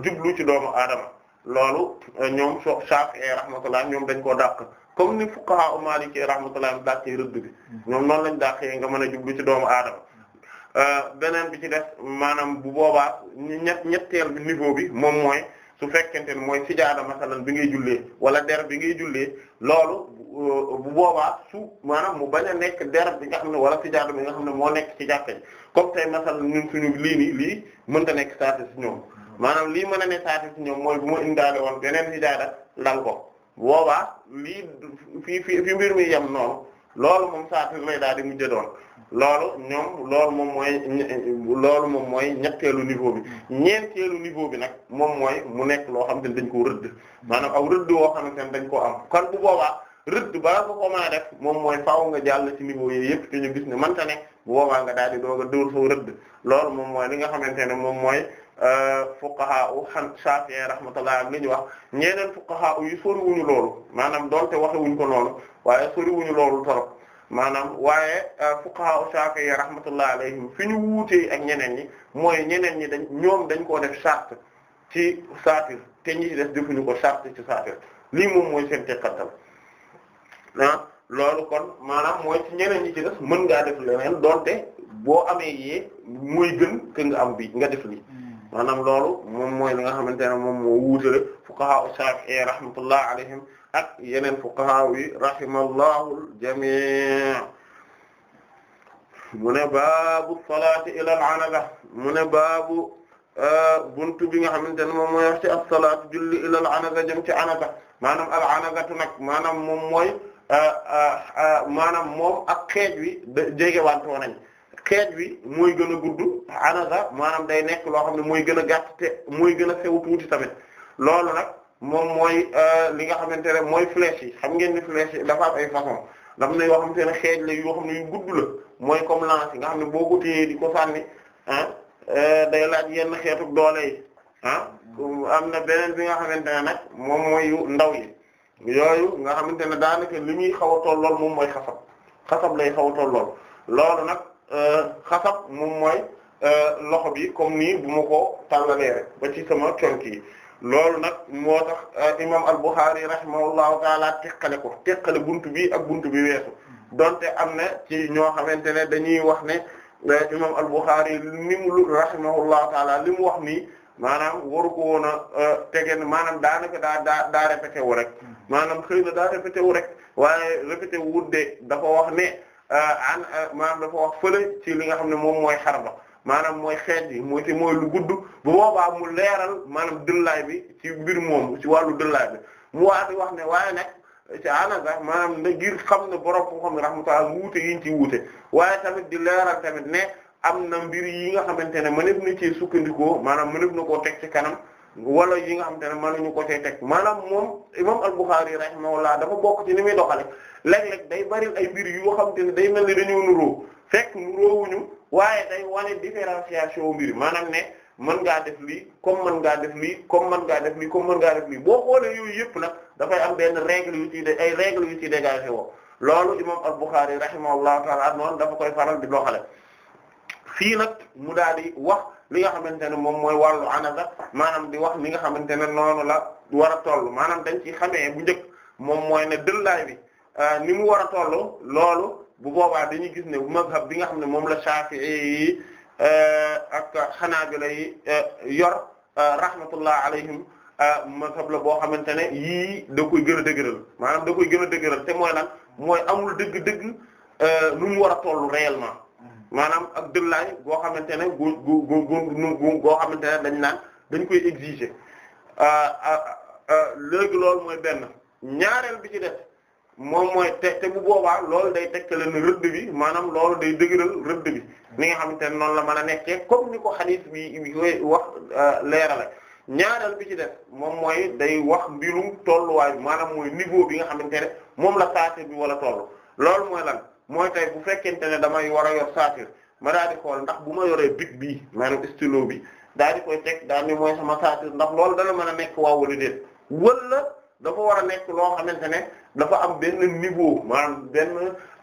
jublu ci doomu aadama loolu euh, ñoom so Shafi'i rahmatullah ñoom dañ koo dàq comme ni fuqaha Maliki rahmatullah dàqee rëdd bi ñoom noonu lañ dàqee nga mën a jublu ci doomu aadama euh, beneen bi ci def maanaam bu boobaa ñett ñetteel bi niveau bi moom mooy su fekkente ne mooy sijaada masalan bi ngay jullee wala der bi ngay jullee loolu euh, bu boobaa su maanaam mu bañ a nekk der bi nga xam ne wala sijaada bi nga xam ne moo nekk ci jàkka ji comme tey masalan ñun suñu lii nii lii mënta nekk saate si ñoom maanaam lii mën a ne ñoom mooy bu ma indaale woon beneen hijaada lal ko boobaa lii fi fi fi mbir mi yem noonu loolu moom saate lay daal di mujjë doon loolu ñoom loolu moom mooy moom mooy ñetteelu niveau bi ñeenteelu niveau bi nag moom mooy mu nekk loo xam ne dañ koo rëdd maanaam aw rëdd woo xamante ne dañ koo am kon bu boobaa rëdd bala ko ko def moom mooy faaw nga jàll ci niveau yi yëpp te ñu gis ne mante ne bu boobaa nga daal di doog a dóor rëdd loolu moom mooy li nga xamante ne moom mooy fuqaha u xan Shafi'i rahmatullah am li ñu wax ñeneen fuqaha yu sori wuñu loolu maanaam donte waxe wuñ ko noonu waaye sori wuñu loolu maanaam waaye euh, fuqaha u Shafi'i rahmatullah alayhim fi ñu wuutee ak ñeneen ñi mooy ñeneen ñi dañ ñoom dañ koo def charte ci saatir te ñi def defuñu ko ci saatir lii moom mooy seen teqantal ah loolu kon maanaam mooy ñeneen ñi ci def mën ngaa def leneen donte boo amee yee muy gën kë nga am bi nga def lii maanaam loolu moom mooy li nga xamante ne moom moo wuutale fuqaha Shafi'i rahmatullah alayhim ak yeneen fuqaha yi rahimallahu al-jami' mu ne baabu salaati ila al-anaba mu ne baabu euh, buntu bi nga xamante ne moom mooy wax ci as-salaatu julli ila al-anaba jëm ci anaba maanaam al-anabatu nag maanaam moom mooy euh, euh, maanaam moom ak xeej wi jege wanto nañ xeej bi mooy gën a gudd anaza maanaam day nekk loo xam ne mooy gën a gàtt te mooy gën a sew tuuti tamit loolu nag moom mooy euh, li nga xamante ne mooy flèche yi xam ngeen dafa am ay façon dam na yoo xamante ne xeej la yoo yu gudd la mooy comme lance nga xam ne boo ko téyee di ko ah, euh, day laaj yenn xeetu doole yi ah am na beneen bi nga xamante ne nag moom mooy yu ndaw yi yooyu nga xamante ne daanaka li muy xaw a tollool moom mooy xasab xasab lay xaw a loolu nag Euh, xasab moom mooy euh, loxo bi comme ni bu ma ko tàllalee rek ba ci sama conki yi loolu nag moo tax euh, imam al-Bukhari rahimahullahu taala teqale ko teqale buntu bi ak bunt bi weesu donte am na ci ñoo xamante ne dañuy wax ne imam al-Bukhari ni mu rahimahullahu taala li mu wax nii maanaam waru ko woon a tegen maanaam daanaka daa daa daa répété rek hmm. maanaam xëy na daa répété rek waaye répété wu de dafa wax ne Euh, an euh, maanaam dafa wax fële ci li nga xam ne moom mooy xarba maanaam mooy xeet yi mooy te mooy lu gudd bu boobaa mu leeral maanaam dëllaay bi ci mbir moom ci wàllu dëllaay bi mu waati wax ne waaye nag ci anaga maanaam na ngir xam ne borom ko xam ne rahmatullah mu wuute yiñ ci wuute waaye tamit di leeral tamit ne am na mbir yi nga xamante ne ma mëneef na ci sukkandikoo maanaam mëneef na koo teg ci kanam wala yi nga xam te ne mënuñu ko cay teg maanaam moom imam al-Bukhari rahimahullah dafa bokk ci ni muy doxale léeg-léeg day bari ay mbir yoo xam te ne day mel ni dañoo nuróo fekk ñu waaye day wane différenciation mbir maanaam ne mën ngaa def lii comme mën ngaa def lii comme man ngaa def lii comme mën ngaa def lii boo xoolee yooyu yëpp nag dafay am benn règle yu ci de ay règle yu ci dégagé woo loolu imam al-Bukhari rahimahullah ta'ala noonu dafa koy faral di doxale fii nag mu daal di wax li nga xamante ne moom mooy wàllu anasa maanaam di wax li nga xamante ne noonu la war a toll maanaam dañ ci xamee bu njëkk moom mooy ne dëllaay bi euh, ni mu war a toll loolu bu boobaa dañuy gis ne mazhab bi nga xam ne moom la Shafi'i yi euh, ak Hanabila yi euh, yor rahmatullah alayhim mazhab la boo xamante ne yii da koy gën a dëgëral maanaam da koy gën a dëgëral te mooy lan mooy amul dëgg-dëgg nu mu war a toll réellement maanaam ak dëllaay goo xamante ne gu gu gu gu goo xamante ne dañ naan dañ koy exiger ah, ah, ah, léegi loolu mooy benn ñaareel bi ci def moom mooy te te bu boobaa lool day tekkale ne rëdd bi maanaam loolu day dëgëral rëdd bi ni nga xamante ne noonu la mën a nekkee comme ni ko hadith bi wax leerale ñaareel bi ci def moom mooy day wax mbirum tolluwaayu maanaam mooy niveau bi nga xamante ne moom la saate bi wala toll loolu mooy lan mooy tey bu fekkente ne damay war a yor saatir ma daal di xool ndax bu ma yoree bic bii maanaam stylo bi daadi koy teg daal ni mooy sama saatir ndax lool dana mën a nekk waaw wala déet wala dafa war a nekk loo xamante ne dafa am benn niveau maanaam benn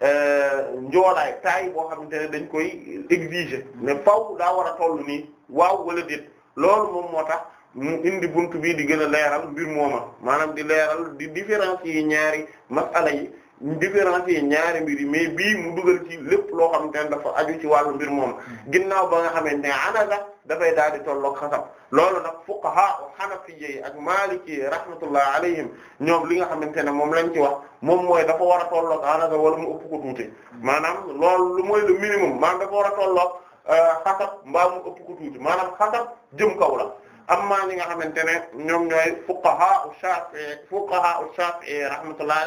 euh, njoolaay taay boo xamante ne dañ koy exiger ne faw daa war a toll nii waaw wala déet loolu moom moo tax mu indi bunt bii di gën a leeral mbir mooma maanaam di leeral di différence yi ñaari masala yi différence yi ñaari mbir yi bii mu dugal ci lépp loo xam ne dafa aju ci wàllu mbir moom ginnaaw ba nga xamante ne anaga dafay daal di tolloog xasab loolu nag fuqaha hanafiyye ak maliki rahmatullah alayhim ñoom li nga xamante ne moom lañ ci wax moom mooy dafa war a tolloog anaga wala mu ëpp ko tuuti maanaam loolu lu mooy le minimum war a tolloog euh, xasab mbaa mu ëpp ko tuuti maanaam xasab jëm kaw la amma ñi nga xamante ne ñoom ñooy fuqaha shafi'i fuqaha shafi'i rahmatullah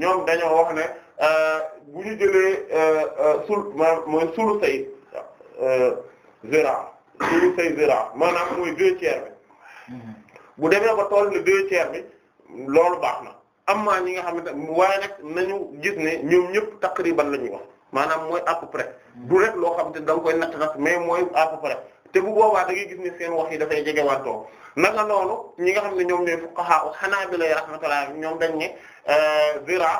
ñoom dañoo wax ne euh, bu ñu jëlee euh, euh, sul ma sulu say zira sulu say zira maanaam mooy deux tiers bi mm-hmm. bu demee ba toll ni deux tiers bi loolu baax na am amma ñi nga xamante waaye nag nañu gis ne ñoom ñëpp taqriban la ñuy wax maanaam mooy à peu près mm-hmm. du rek loo xam te nga koy natt nag mais mooy à peu te bu boobaa da nga gis ne seen wax yi dafay jegewantoo naka noonu ñi nga xam ne ñoom ñooy fuqaha hanabila rahmatullah ñoom dañ ne euh, zira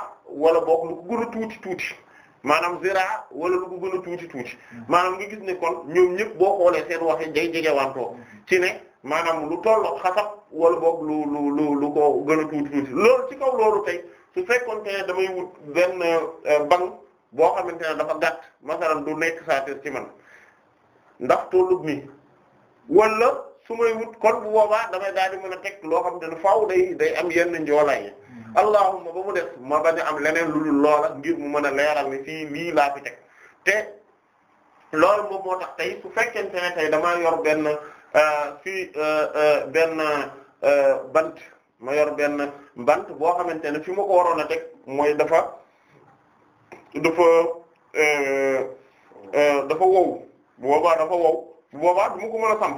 wala boog lu ko gën a tuuti tuuti maanaam zira wala lu ko gën a tuuti tuuti hmm. maanaam nga gis ne kon ñoom ñëpp boo xoolee seen wax yi day jegewantoo hmm. ci ne maanaam lu tollo xasab wala boog lu lu lu lu ko gën a tuuti tuuti loolu ci kaw loolu tey su fekkoon te damay wut benn euh, banque boo xamante ne dafa gàtt masalan du nekk saa ci man. ndax tollub nii wala su may wut kon bu boobaa damay daal di mën a teg loo xam te ne faaw day day am yenn njoolaay yi hmm. allahumma ba mu def ma bañ am leneen lu dul loola ngir mu mën a leeral ni fii lii laa fi te loolu moom tax tey su fekkente ne tey yor benn euh, fii euh, euh, benn bant ma yor benn bant boo xamante ne fi ma ko waroon a teg mooy dafa dafa dafa wow bu boobaa dafa wow bu boobaa du ma ko mën a samp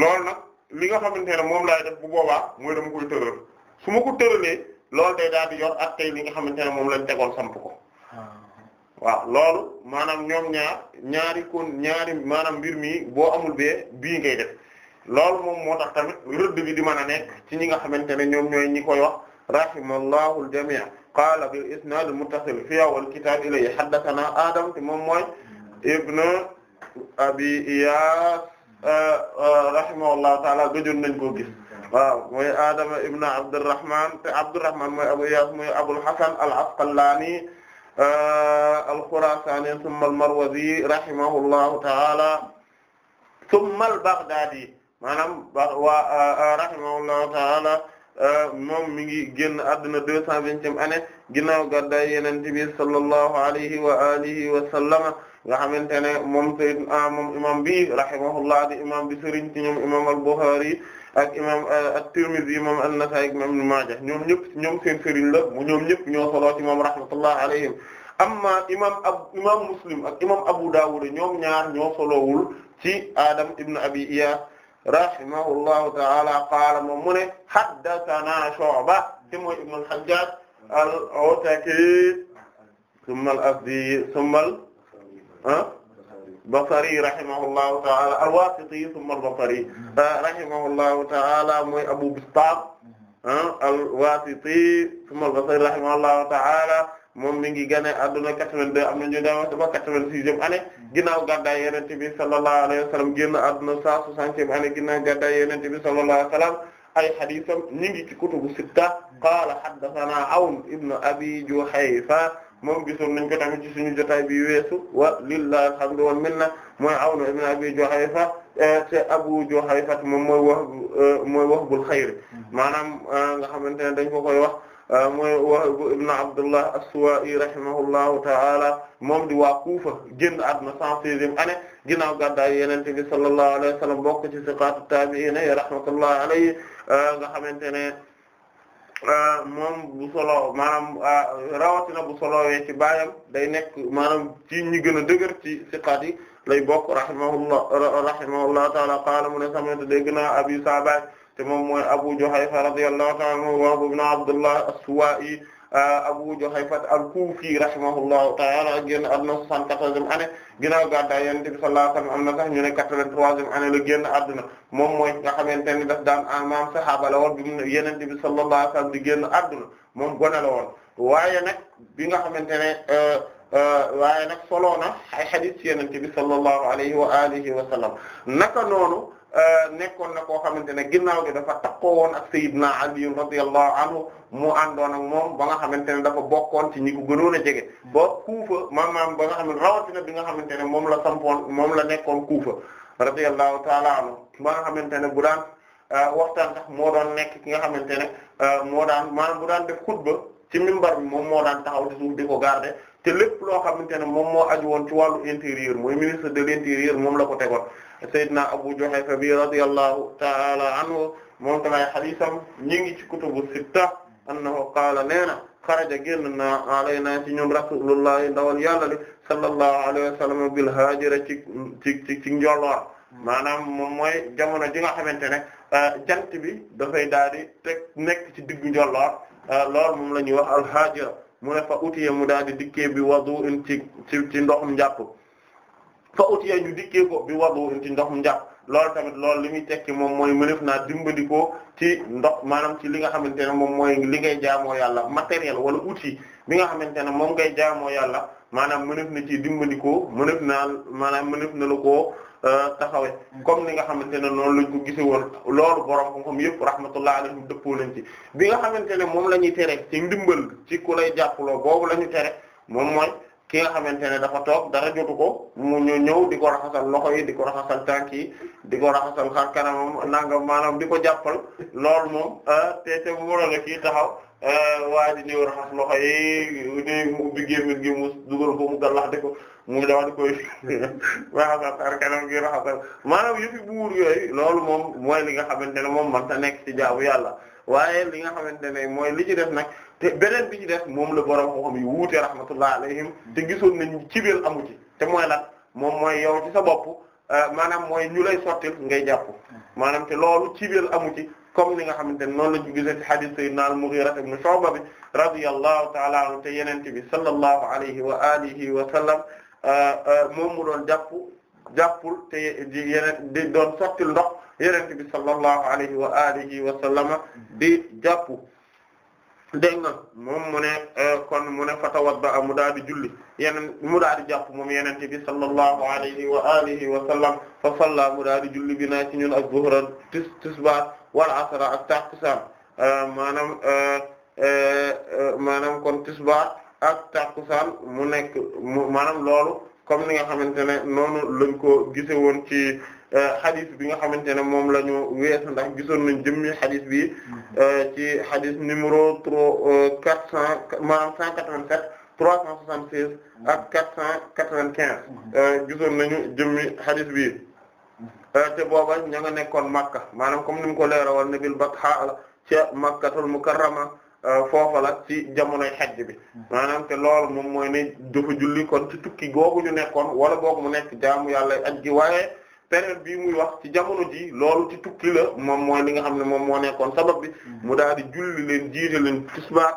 loolu na li nga xamante ne moom laay def bu boobaa mooy dama koy tëral su ma ko tëralee loolu day daal di yor ak tey li nga xamante ne moom lañ tegoon samp ko ah. waaw loolu maanaam ñoom ñaar ñaari kon ñaari maanaam mbir mi boo amul bee bii ngay def loolu moom moo tax tamit rëdd bi di mën a nekk ci ñi nga xamante ne ñoom ñooy ñi koy wax rahimallahu aljamii qaala bil isnaad al muttasil fi awwal kitaab ilayhi haddathana adam te moom mooy hmm. abi Iyaas eh, eh, rahimahullahu taala gëjoon nañ koo gis waaw mooy Adama ibn Abdurrahman te Abdurrahman mooy Abu Iyaas mooy Abul Hasan al-Asqalani eh, al-Khurasani thumma al-Marwazi rahimahullahu taala thumma al-Baghdadi maanaam waa rahimahullahu taala moom mi ngi génn àdduna deux cent vingtième année ginnaaw gàddaay Yonent bi sallallahu alayhi wa alihi wa sallama nga xamante ne moom sayyidna ah, moom imam bi rahimahullah di imam bi sëriñ ci ñoom imam al-Bukhari ak imam ah, at-Tirmidhi imam an-Nasa'i imam Ibn Majah ñoom ñëpp ñoom seen sëriñ la ñoom ñëpp ñoo solo ci moom rahmatullah alayhim amma imam ab imam Muslim ak imam Abu Dawud ñoom ñaar ñoo solowul ci Adam ibn Abi Iyas rahimahullahu ta'ala qaala moom mu ne haddathana Shu'ba te mooy ibn al-Hajjaj al-Ataki thumma al-Azdi thumma ah Basri rahimahullahu ta'ala al-Wasiti thumma al-Basri hmm. eh, rahimahullahu ta'ala mooy Abu Bistam hmm. al-Wasiti thumma al-Basri rahimahullahu ta'ala moom mi ngi gane adduna 82 am na ñu daaw ba 86e année hmm. ginnaaw gàddaay Yonent bi sallallahu alayhi wa sallam génn adduna 160e année ginnaaw gàddaay Yonent bi sallallahu alayhi wa sallam ay hadiisam ñu ngi ci kutubu sitta qaala haddathanaa Awn ibn Abi Juhayfa moom gisoon nañ ko tamit ci suñu jotaay bi weesu wa lillahi alhamdu wal minna mooy Awn ibn Abi Juhayfa eh, te Abu Juhayfa moom mooy wax eh, mooy Wahbul Khayr maanaam eh, nga xamante ne dañ ko koy wax mooy Wahb ibn Abdullah as-Suwa'i rahimahullahu ta'ala moom di waa Kufa génn àdduna 116e année ginnaaw gàddaay Yonent bi sallallahu alayhi wa sallam bokk ci siqaatu taabi'iin yi rahmatullahi alayhi nga xamante ne Euh, moom bu solo maanaam euh, rawatina bu solowee ci baayam day nekk maanaam ci ñi gën a dëgër ci siqaat yi lay bokk rahimahullah rahimahullah taala qaala mu ne sami'tu dégg naa abi Sa'ba te moom mooy Abu Juhayfa radiyallahu ta'ala anhu wa ibn Abdullah as-Suwa'i Euh, Abu Juhayfa al-Kufi rahimahullahu ta'ala génn àdduna 74e année ginnaaw gàddaay Yonent bi sallallahu alayhi wa sallam am na sax ñu ne 83e année la génn àdduna moom mooy nga xamante ni daf daan amaam saxaaba la woon bi Yonent bi di génn àdduna moom gone la woon waaye nag bi nga xamante ne euh, euh, waaye nag solo na ay hadith ci Yonent bi sallallahu alayhi wa alihi wa sallam naka noonu. Euh, nekkoon na koo xamante ne ginnaaw gi dafa takkoo woon ak Sayyidina Ali radiyallahu anhu mu àndoon ak moom ba nga xamante ne dafa bokkoon ci ñi ko gënoon a jege ba Kuufa maanaam ba nga xam ne rawatina bi nga xamante ne moom la sampoon moom la nekkoon Kuufa radiyallahu ta'ala anhu ba nga xamante ne bu daan euh, waxtaan sax moo doon nekk ki nga xamante ne euh, moo daan maanaam bu daan def xutba ci minbar bi moom moo daan taxaw ci suuf di ko garder te lépp loo xamante ne moom moo aju woon ci wàllu intérieur mooy ministre moom la ko tegoon Seydina Abu Juhayfa bi radiyallahu ta'ala anhu moom tamay hadiisam ñi ngi ci kutubu sitta annahu qaala neena xaraja génn na alaynaa ci ñun rasulullahi ndawal yàlla li sallallahu alayhi wa sallam haajira ci ci ci ci njolloor maanaam moom mooy jamono ji nga xamante ne ah, jant bi dafay daal di teg nekk ci diggu njolloor ah, loolu moom la ñuy wax al haajira mu ne fa utiye mu daal di dikkee bi wudu'in ci ndoxum njàpp fa utiya ñu dikkee ko bi wàllu ci ndox mu njàpp loolu tamit loolu li muy tekki moom mooy mënef naa dimbali ko ci ndox maanaam ci li nga xamante ne moom mooy li ngay jaamoo yàlla matériel wala outil bi nga xamante ne moom ngay jaamoo yàlla maanaam mënef na ci dimbali ko mënef naa maanaam mënef na la koo euh, taxawe comme ni nga xamante ne noonu lu ko gise woon loolu borom xam-xam yëpp rahmatullah alayhim dëppoo nañ ci bi nga xamante ne moom la ñuy tere ci ndimbal ci ku lay jàppaloo boobu la ñu tere moom mooy ki nga xamante ne dafa toog dara jotu ko mu ñu ñëw di ko raxasal loxo yi di ko raxasal tànk yi di ko raxasal xar kanamam nangam maanaam di ko jàppal lool moom ah, te te mu waroon a kii taxaw ah, waa ji ñëw raxas loxo yi di mu gémmin gi mu dugal ko mu gàllax di ko mu dawa di koy raxasal xar kanam gi raxasal maanaam yëfi buur loolu moom mooy li nga xamante ne moom man ta nekk ci jaabu yàlla waaye li nga xamante ne mooy li ci def nag te beneen bi ci def moom la borom moo xam yu wuute rahmatullah alayhim te gisoon nañ ci biir amu ci te mooy lan moom mooy yow ci sa bopp euh, maanaam mooy ñu lay sottil ngay jàpp maanaam te loolu ci biir amu ci comme ni nga xamante ne noonu la ñu gisee ci hadith sayyidina al-Mughira ibn Shu'ba bi radiyallahu ta'ala anhu te yenente bi sallallahu alayhi wa alihi wa sallam euh, euh, moom mu doon jàpp jàppul te yeneen di doon sottil ndox yenente bi sallallahu alayhi wa alihi wa sallama di jàpp dégg nga moom mu ne euh, kon mu ne fatawadda mu daal di julli yeneen mu daal di jàpp moom yeneen bi sallallahu alayhi wa alihi wa sallam fa salla mu daal di julli bi naa ci ñun ak zuhra tis tisbaar wala asra ak takusaan euh, maanaam euh, maanaam kon tisbaar ak takusaan mu nekk maanaam loolu comme ni nga xamante ne noonu lañ ko gise woon ci Euh, xadis bi nga xamante ne moom la ñu na ndax gisoon nañ jëmmi xadis bi ci xadis numéro trois quatre cent maanaam cent quatre vingt cent ak quatre cent quatre-vingt-quinze gisoon nañu jëmmi xadis bi te booba ña nga nekkoon Makka maanaam comme ni mu ko leerawal nabil batha ca Makkatul mu euh, foofa la ci jamonoy xajj bi mm-hmm. maanaam te loolu moom mooy ne dafa julli kon ci tukki googu ñu nekkoon wala boog mu nekk jaamu yàlla aj gi waaye période bii muy wax ci jamono ji loolu ci tukki la moom mooy li nga xam ne moom moo nekkoon sabab bi mm-hmm. mu daal di julli leen jiite leen tisbaar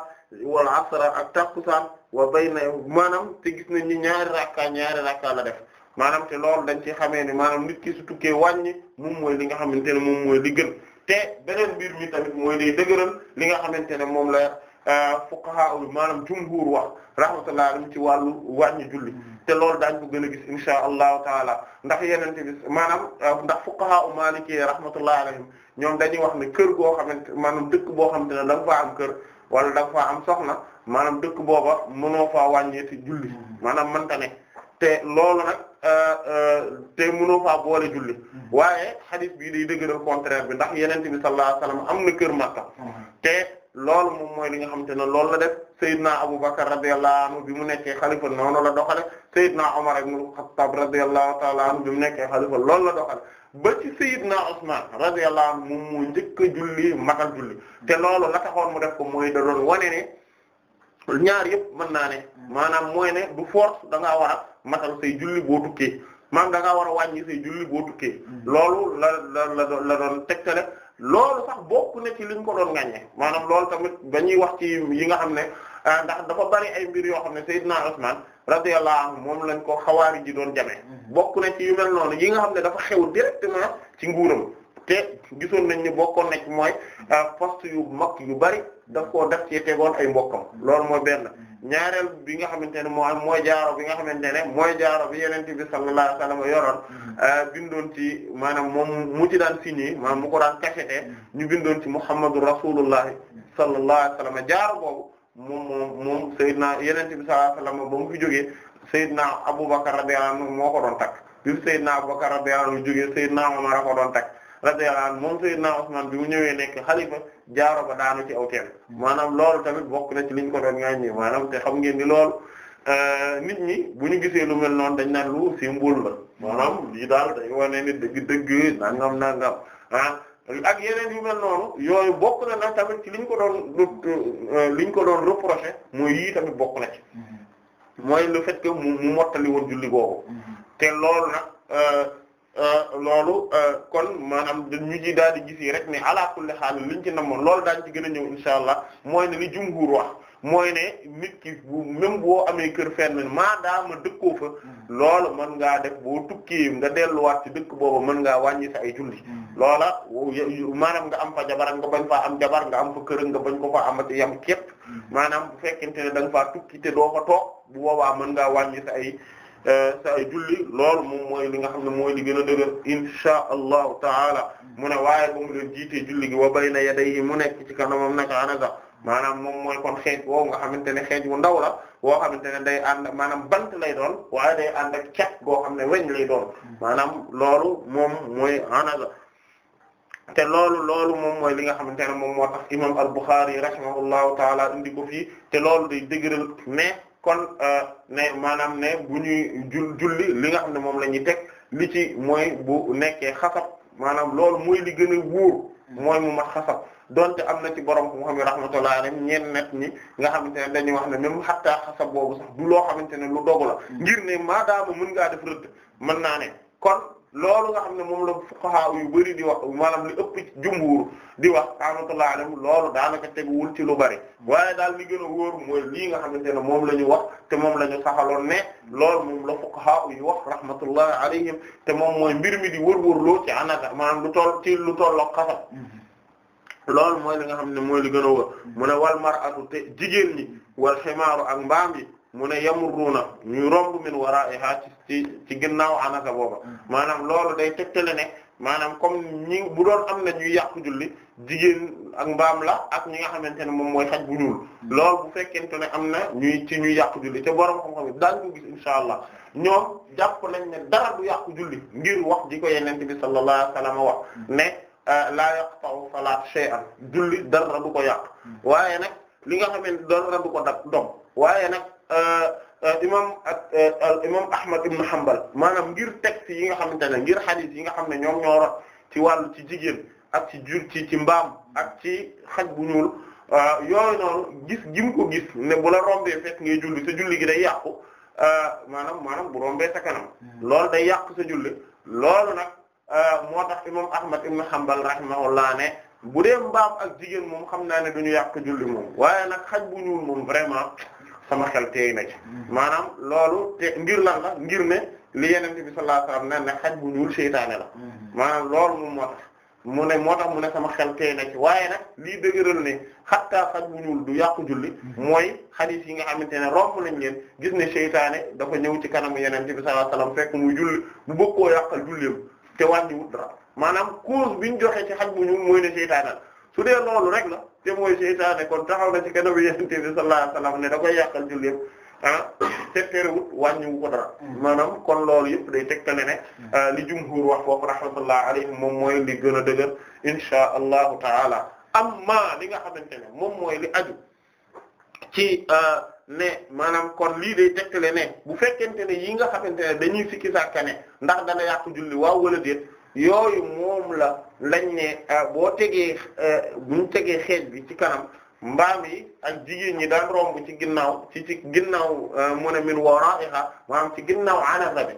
wala asra ak takkusaan wa bay na maanaam te gis nañ ni ñaari rakka ñaari rakka la def maanaam te loolu dañ ci xamee ne maanaam nit ki su tukkee wàññi moom mooy li nga xamante ne moom mooy li gën te beneen biir mi tamit mooy day dëgëral li nga xamante ne moom la euh, fuqaha maanaam jumhuur wax rahmatullah alayhi ci wàllu wàññi julli mm-hmm. te loolu daañ ko gën a gis inshaa allahu taala ndax yenente bi maanaam euh, ndax fuqaha u maliki yi rahmatullahi alayhim ñoom dañuy wax ne kër goo xamante maanaam dëkk boo xamante ne da nga kër wala da nga am soxna maanaam dëkk booba mënoo faa wàññeeti julli maanaam mënta ne te loolu nag euh, euh, te mënoo faa boole julli mm-hmm. waaye hadith bii day dëggal contraire bi ndax yenente bi sallallahu alayhi am na kër Makka mm-hmm. te loolu moom mooy li nga xamante ne loolu la def Seydina Aboubacar radiyallahu anhu bi mu nekkee xalifa noonu la doxale Seydina Omar ibn al-Khattab radiyallahu ta'ala anhu bi mu nekkee xalifa loolu la doxale ba ci Seydina Ousmane radiyallahu anhu moom moo njëkk a julli matal julli te loolu la taxoon mu def ko mooy da doon wane ne ñaar yëpp mën naa ne maanaam mooy ne du force da ngaa a matal say julli boo tukkee maanaam da ngaa war a wàññi say julli boo tukkee mm-hmm. loolu la la la doon tegtale loolu sax bokk na ci liñ ko doon ŋaññe maanaam loolu tamit dañuy wax ci yi nga xam ne euh, ndax dafa bari ay mbir yoo xam ne Seydina Usman radiyallahu anhu moom lañ ko xawaari ji doon jamee mm-hmm. bokk na ci yu mel noonu yi nga xam ne dafa xew directement ci nguuram te gisoon nañ ni bokkoon na ci mooy euh, poste yu mag yu bari daf koo daf ci tegoon ay mbokkam loolu mooy benn ñaareel bi nga xamante ne mooy mooy jaaro bi nga xamante ne mooy jaaro bi yenente bi sallallahu alayhi wasallam yoroon mm-hmm. euh, bindoon ci maanaam moom mu ci daan signé maanaam mu ko daan cachété mm-hmm. ñu bindoon ci muhammadu rasulullahi sallallahu alayhi wasallam jaaro boobu moom moom moom Seydina yenente bi sallallahu alayhi wasallam ba mu fi jógee Seydina Abubakar radiyallahu anhu moo ko doon takk bi Seydina Abubakar radiyallahu anhu jógee Seydina Umar ko doon takk radiyallahu anhu moom sayyidna Usman bi mu ñëwee nekk xalifa jaaro ba daanu ci aw teen maanaam loolu tamit bokk na ci liñ ko doon ñaan ñi maanaam te xam ngeen ni loolu euh, nit ñi bu ñu gisee lu mel noonu dañ naan lu symbole la maanaam lii daal day wane ni dëgg dëgg nangam nangam ah ak yeneen yu mel noonu yooyu bokk na nag tamit ci liñ ko doon euh, liñ ko doon reprocher mooy yii tamit bokk na ci mm-hmm. mooy le fait que mu mottali woon julli googu mm-hmm. te loolu nag euh, Euh, loolu euh, kon da ñu ji daal di gis rek ne ala kulli xaal liñ ci namoon loolu daañu ci gën a ñëw insha allah mooy ne li jumhur wa mooy ne nit ki bu même boo amee kër fen maa fenn ma dëkkoo fa mm. lool mën ngaa def boo tukki nga delluwaat ci dëkk boobu mën ngaa wàññi sa ay julli mm. loola maanaam nga am fa jabar nga bañ faa am jabar nga am fa kër nga bañ ko fa amati yam képp mm. maanaam bu fekkente ne da nga faa tukki te doo fa toog bu boobaa mën ngaa wàññi sa ay Euh, say julli loolu moom mooy li nga xam ne mooy li gën a dëgër insha allahu taala mu ne waaye ba mu leen jiitee julli gi wa bayna yadayhi mu nekk ci kanamam naka anaga maanaam moom mooy kon xeej woow nga xamante ne xeej bu ndaw la woo xamante ne day ànd maanaam bant lay doon waaye day ànd ak cat boo xam ne weñ lay doon maanaam loolu moom mooy anaga te loolu loolu moom mooy li nga xamante ne moom moo tax imam al-Bukhari rahimahullahu taala indi ko fii te loolu day dëgëral ne kon euh, ne maanaam ne bu ñuy jul julli li nga xam ne moom la ñuy teg li ci mooy bu nekkee xasab maanaam loolu mooy li gën a wóor mooy mu mat xasab donte am na ci borom bu nga xam ne rahmatullahi alayhi ñeen net ñi nga xamante ne dañuy wax ne même xattaa xasab boobu sax du loo xamante ne lu dogu la mm. ngir ne maadaama mën ngaa def rëdd mën naa ne kon loolu nga xam ne moom la fuqaha yu bari di wax maanaam li ëpp jumbuur di wax rahmatullah alayhi loolu daanaka teguwul ci lu bari waaye daal li gën a wóor mooy lii nga xamante ne moom la ñu wax te moom la ñu saxaloon ne loolu moom la fuqaha yu wax rahmatullah alayhim te moom mooy mbir mi di wër-wërloo ci anaka maanaam lu toll ci lu tolloo xasam loolu mooy li nga xam ne mooy li gën a wóor mu ne wal mar'atu te jigéen ñi wal ximaaru ak mbaam yi mu ne yamurruuna ñuy romb min waraa'ihaa ci ci ginnaaw anaka booba mm-hmm. maanaam loolu day tegtale ne maanaam comme ñi bu doon am na ñuy yàqu julli jigéen ak mbaam la ak ñi nga xamante ne moom mooy xaj bu ñuul mm-hmm. lool bu fekkente ne am na ñuy ci ñuy yàqu julli te borom xam-xam it daañu gis insha allah ñoom jàpp nañ ne dara du yàqu julli ngir wax ji ko yenente bi sallallahu alayhi wa sallam wax mm-hmm. ne euh, laa yaqta'u salaat shay'an julli dara du ko yàq waaye nag li nga xamante dara ko dab dom Euh, euh, imam ak euh, imam Ahmad ibn Hanbal maanaam ngir texte yi nga xamante ne ngir hadith yi nga xam ne ñoom ñoo ci wàllu ci jigéen ak ci jur ci ci mbaam ak ci xaj bu ñuul yooyu noonu gis gim ko gis ne bu la rombee fekk ngay julli sa julli ki day yàqu maanaam maanaam bu rombee sa kanam hmm. loolu day yàqu sa julli loolu nag moo tax imam Ahmad ibn Hanbal rahimahullah ne bu dee mbaam ak jigéen moom xam naa ne duñu yàqu julli moom waaye nag xaj bu ñuul moom vraiment sama xel teey na ci mm-hmm. maanaam loolu te ngir lan la ngir ne li yeneen bi sallallahu alayhi wasallam ne ne xaj bu ñuul seytaane la mm-hmm. maanaam loolu moom moo mu ne moo tax mu ne sama xel teey na ci waaye nag lii dëgëral ne xattaa xaj bu ñuul du yàqu julli mm-hmm. mooy xadiis yi nga xamante ne romb lañ leen gis ne seytaane dafa ñëw ci kanamu yeneen bi sallallahu alayhi wasallam fekk muy julli bu bëgg koo yàqal julleem te wàññiwut dara maanaam cause bi ñu joxe ci xaj bu ñuul mooy ne seytaane su dee loolu rek la te mooy seytaane kon taxaw na ci kanamu Yonent bi sallallahu alayhi wasallam ne da koy yàqal julli yëpp ah te terewut wàññiwu ko dara mm. maanaam kon loolu yëpp day tegtale ne mm. ah, li jumhur wax foofu rahmatullah alayhim moom mooy li gën a dëgër inshaa allahu taala amma li nga xamante ne moom mooy li aju ci ah, ne maanaam kon lii day tegtale ne bu fekkente ne yi nga xamante ne dañuy sikki sàkka ne ndax dana yàqu julli waaw wala déet yooyu moom la lañ ne ah, boo tegee eh, buñ tegee xeej bi ci kanam mbaam yi ak jigéen ñi daan romb ci ginnaaw ci ci ginnaaw eh, mu ne min wara'iha maanaam ci ginnaaw anaza bi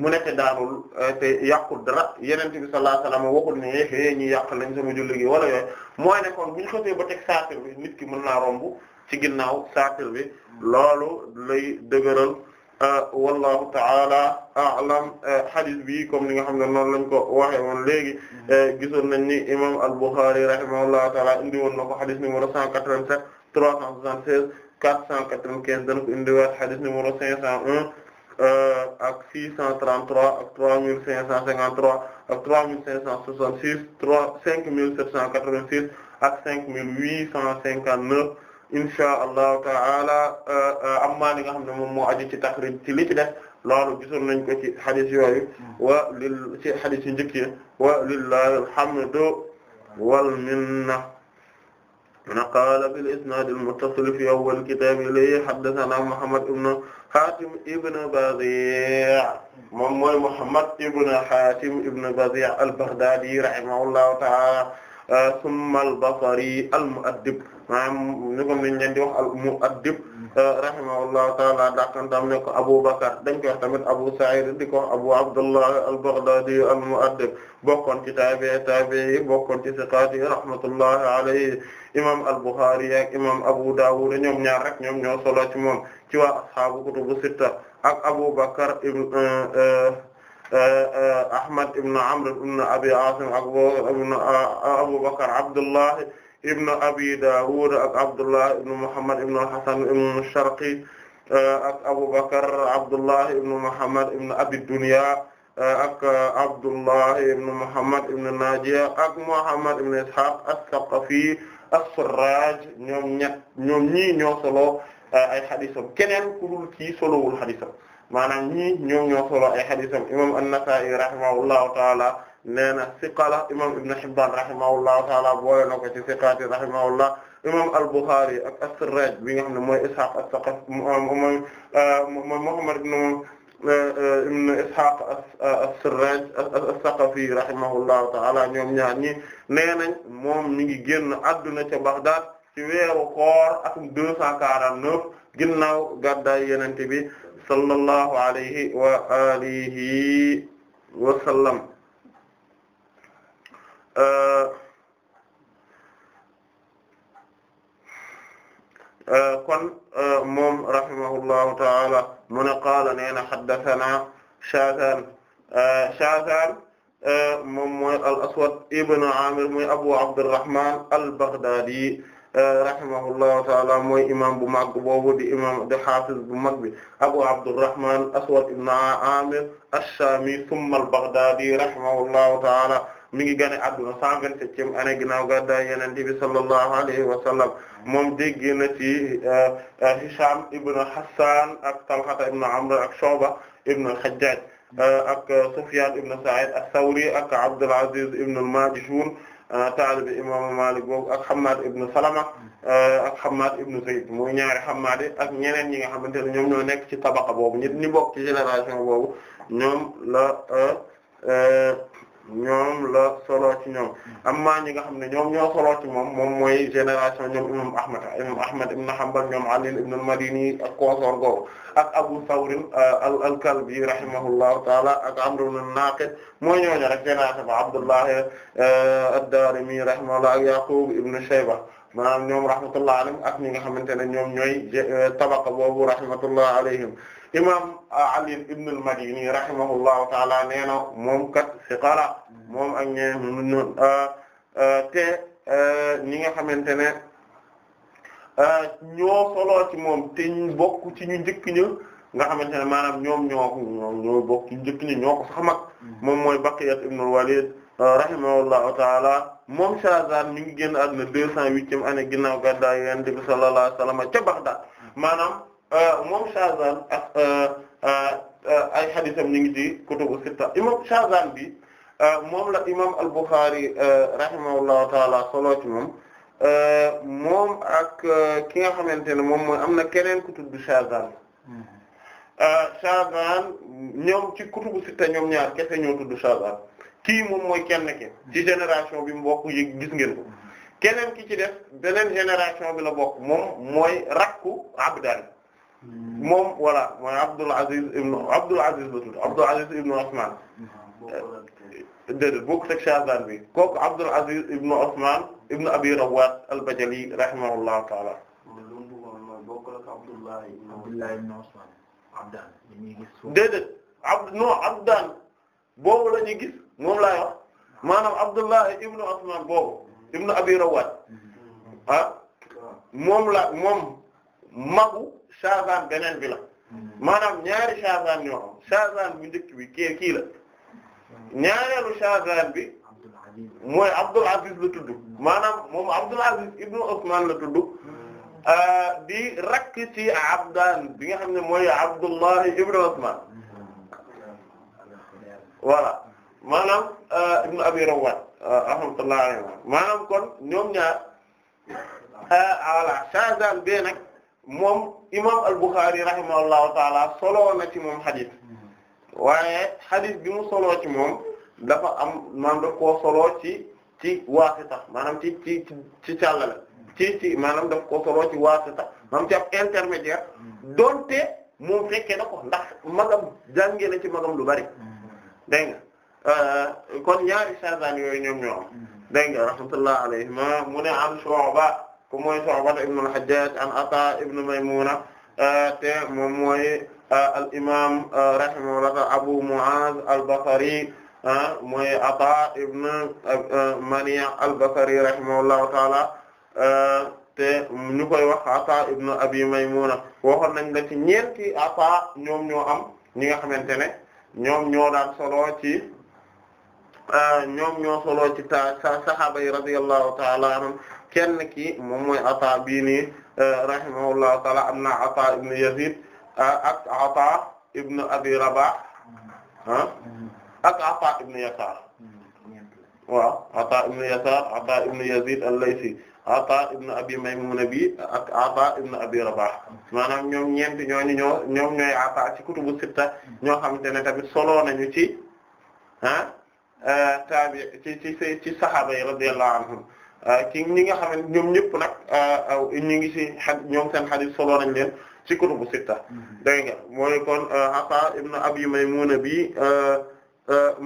mu ne te daanul eh, te yàqul dara yenente bi sallallahu alayhi wasallam waxul ne é ñi yàq lañ sama julli gi wala yooyu mooy ne kon buñ xosee ba teg saatir bi nit ki mën naa rombu ci ginnaaw saatir bi loolu lay dëgëral Euh, wallahu taala a'lam euh, hadith bi comme ni nga xam ne noonu lañ ko waxe woon léegi mm-hmm. euh, gisoon nañ ni imam al-Bukhari rahimahullahu taala indi woon na ko hadith numéro 187 376 495 dana ko indiwaat hadith numéro 501 ak 633 ak 3553 ak 3566 3 5786 ak 5859 insha allahu taala euh, euh, amma li nga xam ne moom moo aju ci taxrij ci li ci def loolu gisoon nañ ko ci xadis yooyu wa lil ci xadis yu njëkk yi wa lillahi alhamdu wal minna na qaala bil isnaad al muttasil fi awwal kitaab ilayhi haddathanaa Muhammad ibn Haatim ibn Bazii' moom mooy Muhammad ibn Haatim ibn Bazii' al-Baghdaadi rahimahullahu taala Ah, summa al-Basri al-Mu'addib maanaam ñu ko nañ leen di wax al-Mu'addib ah, rahimahullahu ta'ala dakantam ne ko Abu Bakr dañ koy wax tamit Abu Sa'id di ko wax Abu Abdullah al-Baghdadi al-Mu'addib bokkoon ci tabi'i tabi'i bokkoon ci siqaat yi rahmatullahi alayhi imam al-Bukhari ak imam Abu Dawud ñoom ñaar rek ñoom ñoo solo ci moom ci waa ashaabu kutubu sitta ak Abu Bakr ibn ah, Eh, eh, Ahmad ibn Amr ibn Abi Asim ak eh, Abu Bakr Abdullah ibn Abi Dawud ak Abdullah ibn Muhammad ibn Hasan ibn Sharqi ak Abu Bakr Abdullah ibn Muhammad ibn Abi Dunya ak Abdullah ibn Muhammad ibn Najiya ak Muhammad ibn Ishaq as-Saqafi as-Surraj ñoom ñett ñoom ñii ñoo solo ay xadisam keneen ku dul kii solowul xadisam maanaam ñii ñoom ñoo solo ay xadisam imam an-Nasa'i rahimahullahu taala nee na imam Ibn Hibban rahimahullahu taala boole na ko ci siqaati rahimahullah imam al-Bukhari ak as bi nga xam ne mooy Ishaq as-Saqafi mooy Muhammad ibn Ishaq as-Sirraj as-Saqafi rahimahullahu taala ñoom ñaar ñi nee nañ moom mi ngi génn adduna ca Baghdad ci weeru koor atum deux cent bi sallallahu alayhi wa alihi wa sallam uh, uh, kon uh, moom rahimahullahu ta'ala mu ne qaala nee na haddathana Shaazaan Shaazaan moom mooy al-Aswad ibn Aamir mooy Abu Abdurrahman al-Baghdaadi rahimahullahu taala mooy imam bu mag boobu di imam di hafiz bu mag bi Abu Abdurrahman Aswad ibn Amir ash-Shami thumma al-Baghdadi rahimahullahu taala mi ngi gane adduna cent vingt-septième année ginnaaw gàddaay Yonent bi sallallahu alayhi wa sallam moom dégg na ci euh, euh, Hisham ibn Hassan ak Talha ibn Amr ak Shu'ba ibn al-Hajjaj euh, ak Sufyan ibn Sa'id ath-Thawri ak Abdul Aziz ibn al-Majishun Ah, taalibi imaamu Maalik boobu ak Hammaad ibn Salama ah, ak Hammaad ibn Zayd mu ñaari Hammaad ak ñeneen ñi nga xamante ne ñoom ñoo nekk ci tabaqa boobu ñi ni bokk ci génération boobu ñoom la ah, eh, ñoom la solo ci ñoom amma ñi nga xam ne ñoom ñoo solo ci moom moom mooy génération ñoom imam Ahmad imam Ahmad ibn Hanbal ñoom Ali ibn al-Madini ak consort googu ak Abu Thawr euh, al-Kalbi taala ak Amr ibn an-Naqid mooy ñooñu rek génération ba Abdullah euh, ad-Darimi rahimahullah Yaqub ibn Shayba maanaam ñoom rahmatullah alayhim ak ñi nga xamante ne ñoom ñooy euh, tabaqa boobu rahmatullah alayhim imam euh, Ali ibn al-Madini rahimahullahu taala nee na moom kat siqala moom ak ñee ñoon euh, te ñi nga xamante ne ñoo soloo ci moom te ñu bokk ci ñu njëkk nga xamante ne maanaam ñoom ñoo ñoom ñoo bokk ci njëkk ña ñoo ko mm. moom mooy Baqiyat ibn al-Walid taala moom Shazan mi ngi génn àdduna deux cent huitième année ginnaaw gàddaay Yonent bi sallallahu alayhi wa a ca Baghdad maanaam euh, moom Shazan ak euh, euh, ay xadisam ñu ngi ci kutubu sitta imam Shazan bi moom la imam al-Bukhari rahimahullahu taala solo ci moom moom ak ki nga xamante ne moom mooy am na keneen ku tudd Shazan mm-hmm. Shazan ñoom ci kutubu sitta ñoom ñaar kese ñoo tudd Shazan kii moom mooy kenn ki ci génération bi mu bokk yëg gis ngeen ko keneen ki ci def beneen génération bi la bokk moom mooy rakku Abdal moom voilà mooy Abdul Aziz ibnu Abdul Aziz la tudd Abdul Aziz ibnu Osman déedéet bokk teg Shazan bi kooku Abdul Aziz ibnu Osman ibnu Abi Rawat al-Bajali rahimahullahu ta'ala déedéet ab non Abdaan boobu la ñu gis moom laay wax maanaam Abdullah ibnu Asman boobu ibnu Abi Rawat moom la moom magu Shazan beneen bi la maanaam ñaari Shazan ñoo am bi kii kii la ñaareelu Shazan bi mooy Abdul Aziz la tudd maanaam moom la tudd di rakk ci bi nga xam ne mooy Abdullah ibnu Usman voilà maanaam euh, ibnu abi rawat euh, rahmatullah alayhi maanaam kon ñoom ñaar euh, voilà shazan bee nag moom imam al-Bukhari rahimahullahu taala soloo ci moom xadis waaye xadis bi mu soloo moom dafa am maanaam daf koo soloo ci ci maanaam ci ci ci ci ci maanaam daf koo soloo ci waasita maanaam ci ab intermédiaire donte moom fekkee na ko ndax magam jàngee ci magam lu bari dégg Euh, kon ñaari Shazan yooyu ñoom ñoo am mm-hmm. dégg nga mu ne am Shu'ba ko mooy Shu'ba ibn al-Hajjaj an Ata ibn Maymuna euh, te mooy euh, al imam Abu Mu'az al-Basri ah, mooy Ata ibn Mani' al-Basri rahimahullahu ta'ala te ñu koy wax Ata ibn Abi Maymuna waxoon nañ la ci ñeenti Ata ñoom ñoo am ñi nga xamante ne ñoom ñoo Euh, ñoom ñoo solo ci ta sahaaba ta'ala anhum kenn ki moom mooy Ataa bii nii euh, ta'ala am na Ataa ibn Yazid euh, ak Ataa ibn Abi Rabah ah ak Ataa ibn Yasar waaw Ataa ibn Yasar Ataa ibn Yazid al Ataa ibn Abi Maymuna bi ak Ataa ibn Abi Rabah maanaam ñoom ñeenti ñoo ñooy Ataa ci kutubu sitta ñoo xamante ne tamit solo nañu ci ah Euh, taabi ci ci ci sahaaba yi radiyallahu anhum euh, ci ñi nga xamante ñoom ñëpp nag euh, ñu ngi ci ñoom seen hadith solo nañ leen ci kutubu sitta mm-hmm. dégg nga mooy kon Ata ibn Abi Maymuna bi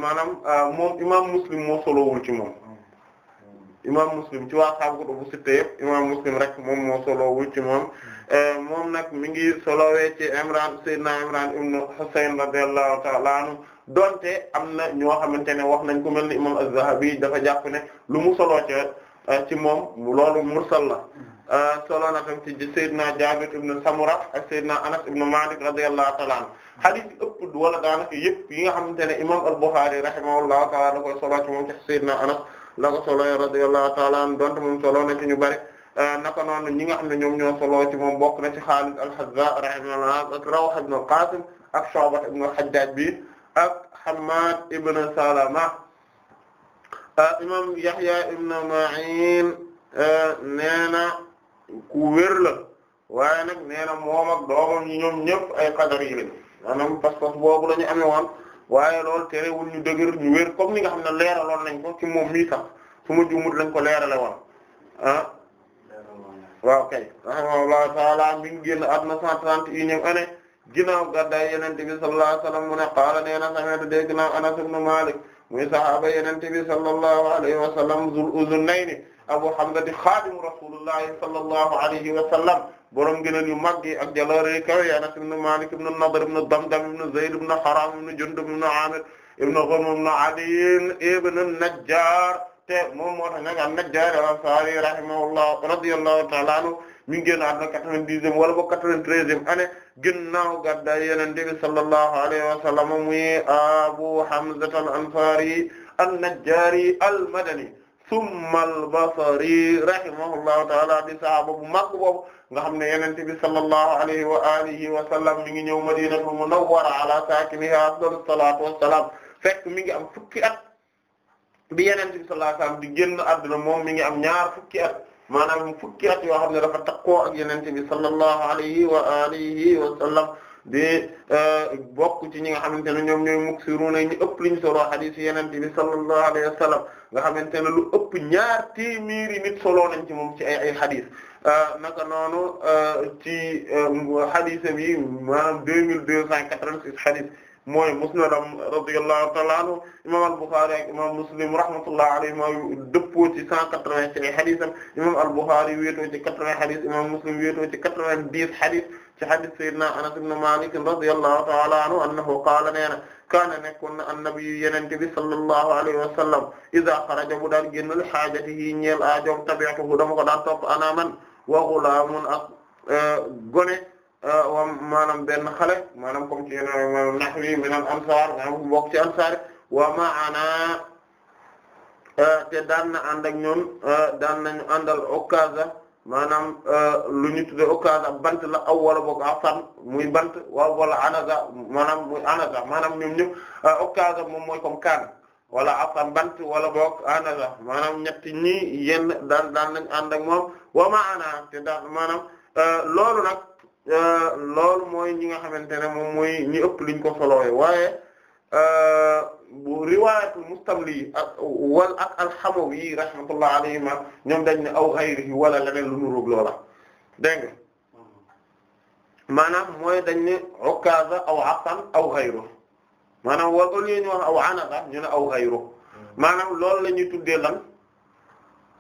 maanaam moom imaam Muslim moo solowul ci moom mm-hmm. imaam Muslim ci waa xaab kutubu sitta yëpp imaam Muslim rek moom moo solowul ci moom mm-hmm. moom nag mi ngi solowee ci Imran Seydina Imran ibn Husayn radiyallahu ta'ala anhu donte am na ñoo xamante ne wax nañ ko mel ni imam Az-Zahabi dafa jàpp lu mu solo euh, ci moom loolu mursal la euh, solo na tam ci Seydina Jaabir ibn Samura ak Seydina Anas ibn Malik radiyallahu ta'ala anhu hadith yi ëpp wala daanaka yëpp yi nga xamante ne imam Al-Bukhari rahimahullahu ta'ala da koy solo ci moom ci Seydina Anas la ko solo radiyallahu ta'ala anhu donte moom solo na ci ñu bari euh, naka noonu ñi nga xam ne ñoom ñoo solo ci moom bokk na ci Xaalid Al-Hazza rahimahullah ak Rawh ibn Al-Qasim ak Shu'ba ibn Al-Hajjaj bi ak Hammad ibn Salama ah, imam Yahya ibn Ma'in eh, nee na ku wér la waaye nag nee na moom ak doomam ñoom ñëpp ay qadar yi lañ maanaam pas-pas boobu la ñu amee woon waaye loolu terewul ñu dëgër ñu wér comme ni nga xam ne leeraloon nañ ko ki moom mii sax su ma juumut lañ ko leerale woon ah waaw kay rahimahullahu ta'ala mi ngi génn àdduna cent trente et unième année ginnaaw gàddaay yonent bi sallallahu alayhi wa sallam mu ne qaala nee na sami'tu dégg naa Anas ibn Malik muy sahaaba yonent bi sallallahu alayhi wa sallam zul uzunnayni Abu Hamza di xaadimu rasulillahi sallallahu alayhi wa sallam borom gënal yu màgg yi ak jaloore kawe Anas ibn Malik ibn Nadr ibn Damdam ibn Zayd ibn Haram ibn Jundub ibn Amir ibn Ghunm ibn Adiy ibn Najjar te moom moo tax nag an-Najjar al-Ansari rahimahullah radiyallahu ta'ala anhu mi ngi génn àdduna quatre-vingt-dixième wala boog quatre-vingt-treizième année ginnaaw gàddaay Yonent bi sallallahu alayhi wa sallam muy Abu Hamza al-Ansari an-Najjari al-Madani thumma al-Basri rahimahullahu ta'ala di sahaaba bu mag boobu nga xam ne Yonent bi sallallahu alayhi wa alihi wa sallam mi ngi ñëw Madinatu Munawwara ala saakiniha afdalu salaatu wassalaam fekk mi ngi am fukki at bi Yonent bi sallallahu alayhi di génn àdduna moom mi ngi am ñaar fukki at maanaam fukki at yoo xam ne dafa takkoo ak yenente bi sallallahu alayhi wa alihi wa sallam di euh, bokk ci ñi nga xam xamante ne ñoom ñooy muksiruna ñu ëpp li ñu solo hadith yenente bi sallallahu alayhi wa sallam nga xamante ne lu ëpp ñaar ti téeméeri nit solo nañ ci moom ci ay ay hadith euh, naka noonu euh, ci hadith bi maanaam deux mille deux cent quatre six hadith mooy musnadam radiyallahu ta'ala anhu imam al-Bukhari ak imam Muslim rahmatullah alayhima dëppoo ci cent quatre-vingt ci ay xadisam imam al-Bukhari wéetoo ci quatre-vingts xadis imam Muslim wéetoo ci quatre-vingt-dix xadis ci xadis sayyidina Anas ibn Malik radiyallahu ta'ala anhu annahu qaala nee na kaana nekkoon na annabi yenente bi sallallahu alayhi wa sallam iza xaraja bu daal génn li xaajatihi ñeel aajoom tabi'atuhu dama ko daan topp ana man wa ghulaamun ak eh, gone Ah, maanaam benn xale maanaam comme ci yeneen min al ansar maanaam bokk ci ansar wa ma'ana ah, te daan na ñoom ah, daan nañu àndal okaza maanaam lu ñu tuddee okaza bant la aw wala afan muy bant waaw wala anaza maanaam muy anaza moom mooy comme kaan wala afan bant wala boog anaza maanaam ñetti ñi yenn daan daan nañ ànd ak moom te daan maanaam loolu nag Euh, loolu mooy ñi nga xamante ne moom mooy ñi ëpp liñ ko soloowe waaye euh, bu riwaayatul mustamli ak wal ak alxamawi rahmatullah ñoom dañ ne aw xayrihi wala leneen lu nuróog loola dégg nga maanaam mooy dañ ne okkaza aw asan aw xayru maanaam wal au lieu wax aw anasa ñu ne aw xayru maanaam loolu la ñuy tuddee lan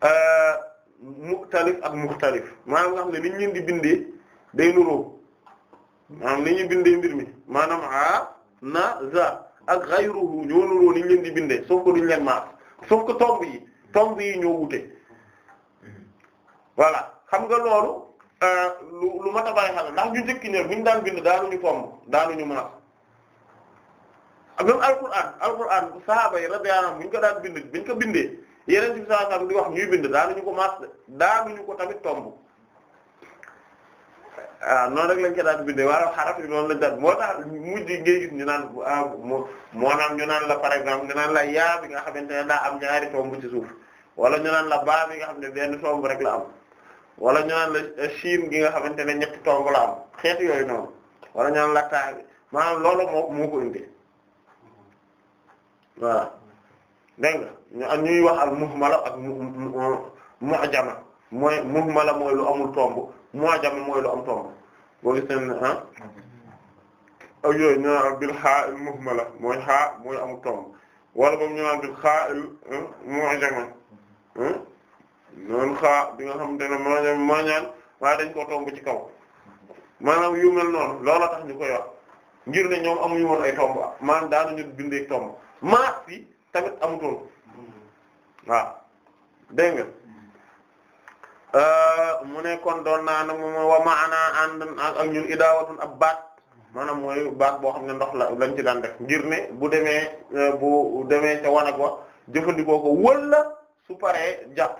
euh, ak muxtalif maanaam nga xam ne liñ leen di bindee day nuroo maanaam ni bindee mbir mi maanaam a na za ak ghayruhu ñoo nuroo ni ñu di bindee sauf que duñ leen maas sauf que tomb yi tomb yi ñoo wute voilà xam nga loolu euh, lu lu mat a bàyyi xel ndax ñu njëkk ñoom bu ñu daan bind daanuñu tomb daanuñu maas même alquran alquran sahaaba yi radiyallahu anhum bu ko daal bind bu ñu ko bindee yeneen ci saa saa di wax ñuy bind daanuñu ko maas daanuñu ko tamit tomb. waaw noonu rek lañ ko daan bindee waaw xaraf lañ daan moo tax mujj ngay gis ñu naan moo moo naan ñu naan la par exemple ñu naan la yaa bi nga xamante ne daa am ñaari tomb ci suuf wala ñu naan la baa bi nga xam ne benn tomb rek la am wala ñu naan la shiin gi nga xamante ne ñetti tomb la am xeetu yooyu noonu wala ñu naan la taa bi maanaam loolu moo moo ko indi voilà dégg nga ñu ñuy wax al muhmala ak mu'jama mooy muhmala mooy lu amul tomb. mu'jam mooy lu am tomb boo gis ne ah ak yooyu bil xaa il muhmala mooy xaa mooy amul tomb wala boobu ñu naan bil xaa il ah, mu'jama ah, noonu xaa bi nga xamante ne mu'jam mu'jam waaye koo tomb ci kaw maanaam yu mel noonu loola tax ñu koy wax ngir ne ñoom amuñu woon ay tomb maanaam daanuñu bindee tomb maas yi tamit amutoon waaw dégg nga Euh, mu ne kon doon naa ne moom wa maana ànd ak ñun idaawatun ab baat maanaam mooy baat boo xam ne ndox la lañ ci daan def ngir ne bu demee euh, bu demee ca wanag wa jëfandikoo ko wala su paree jàpp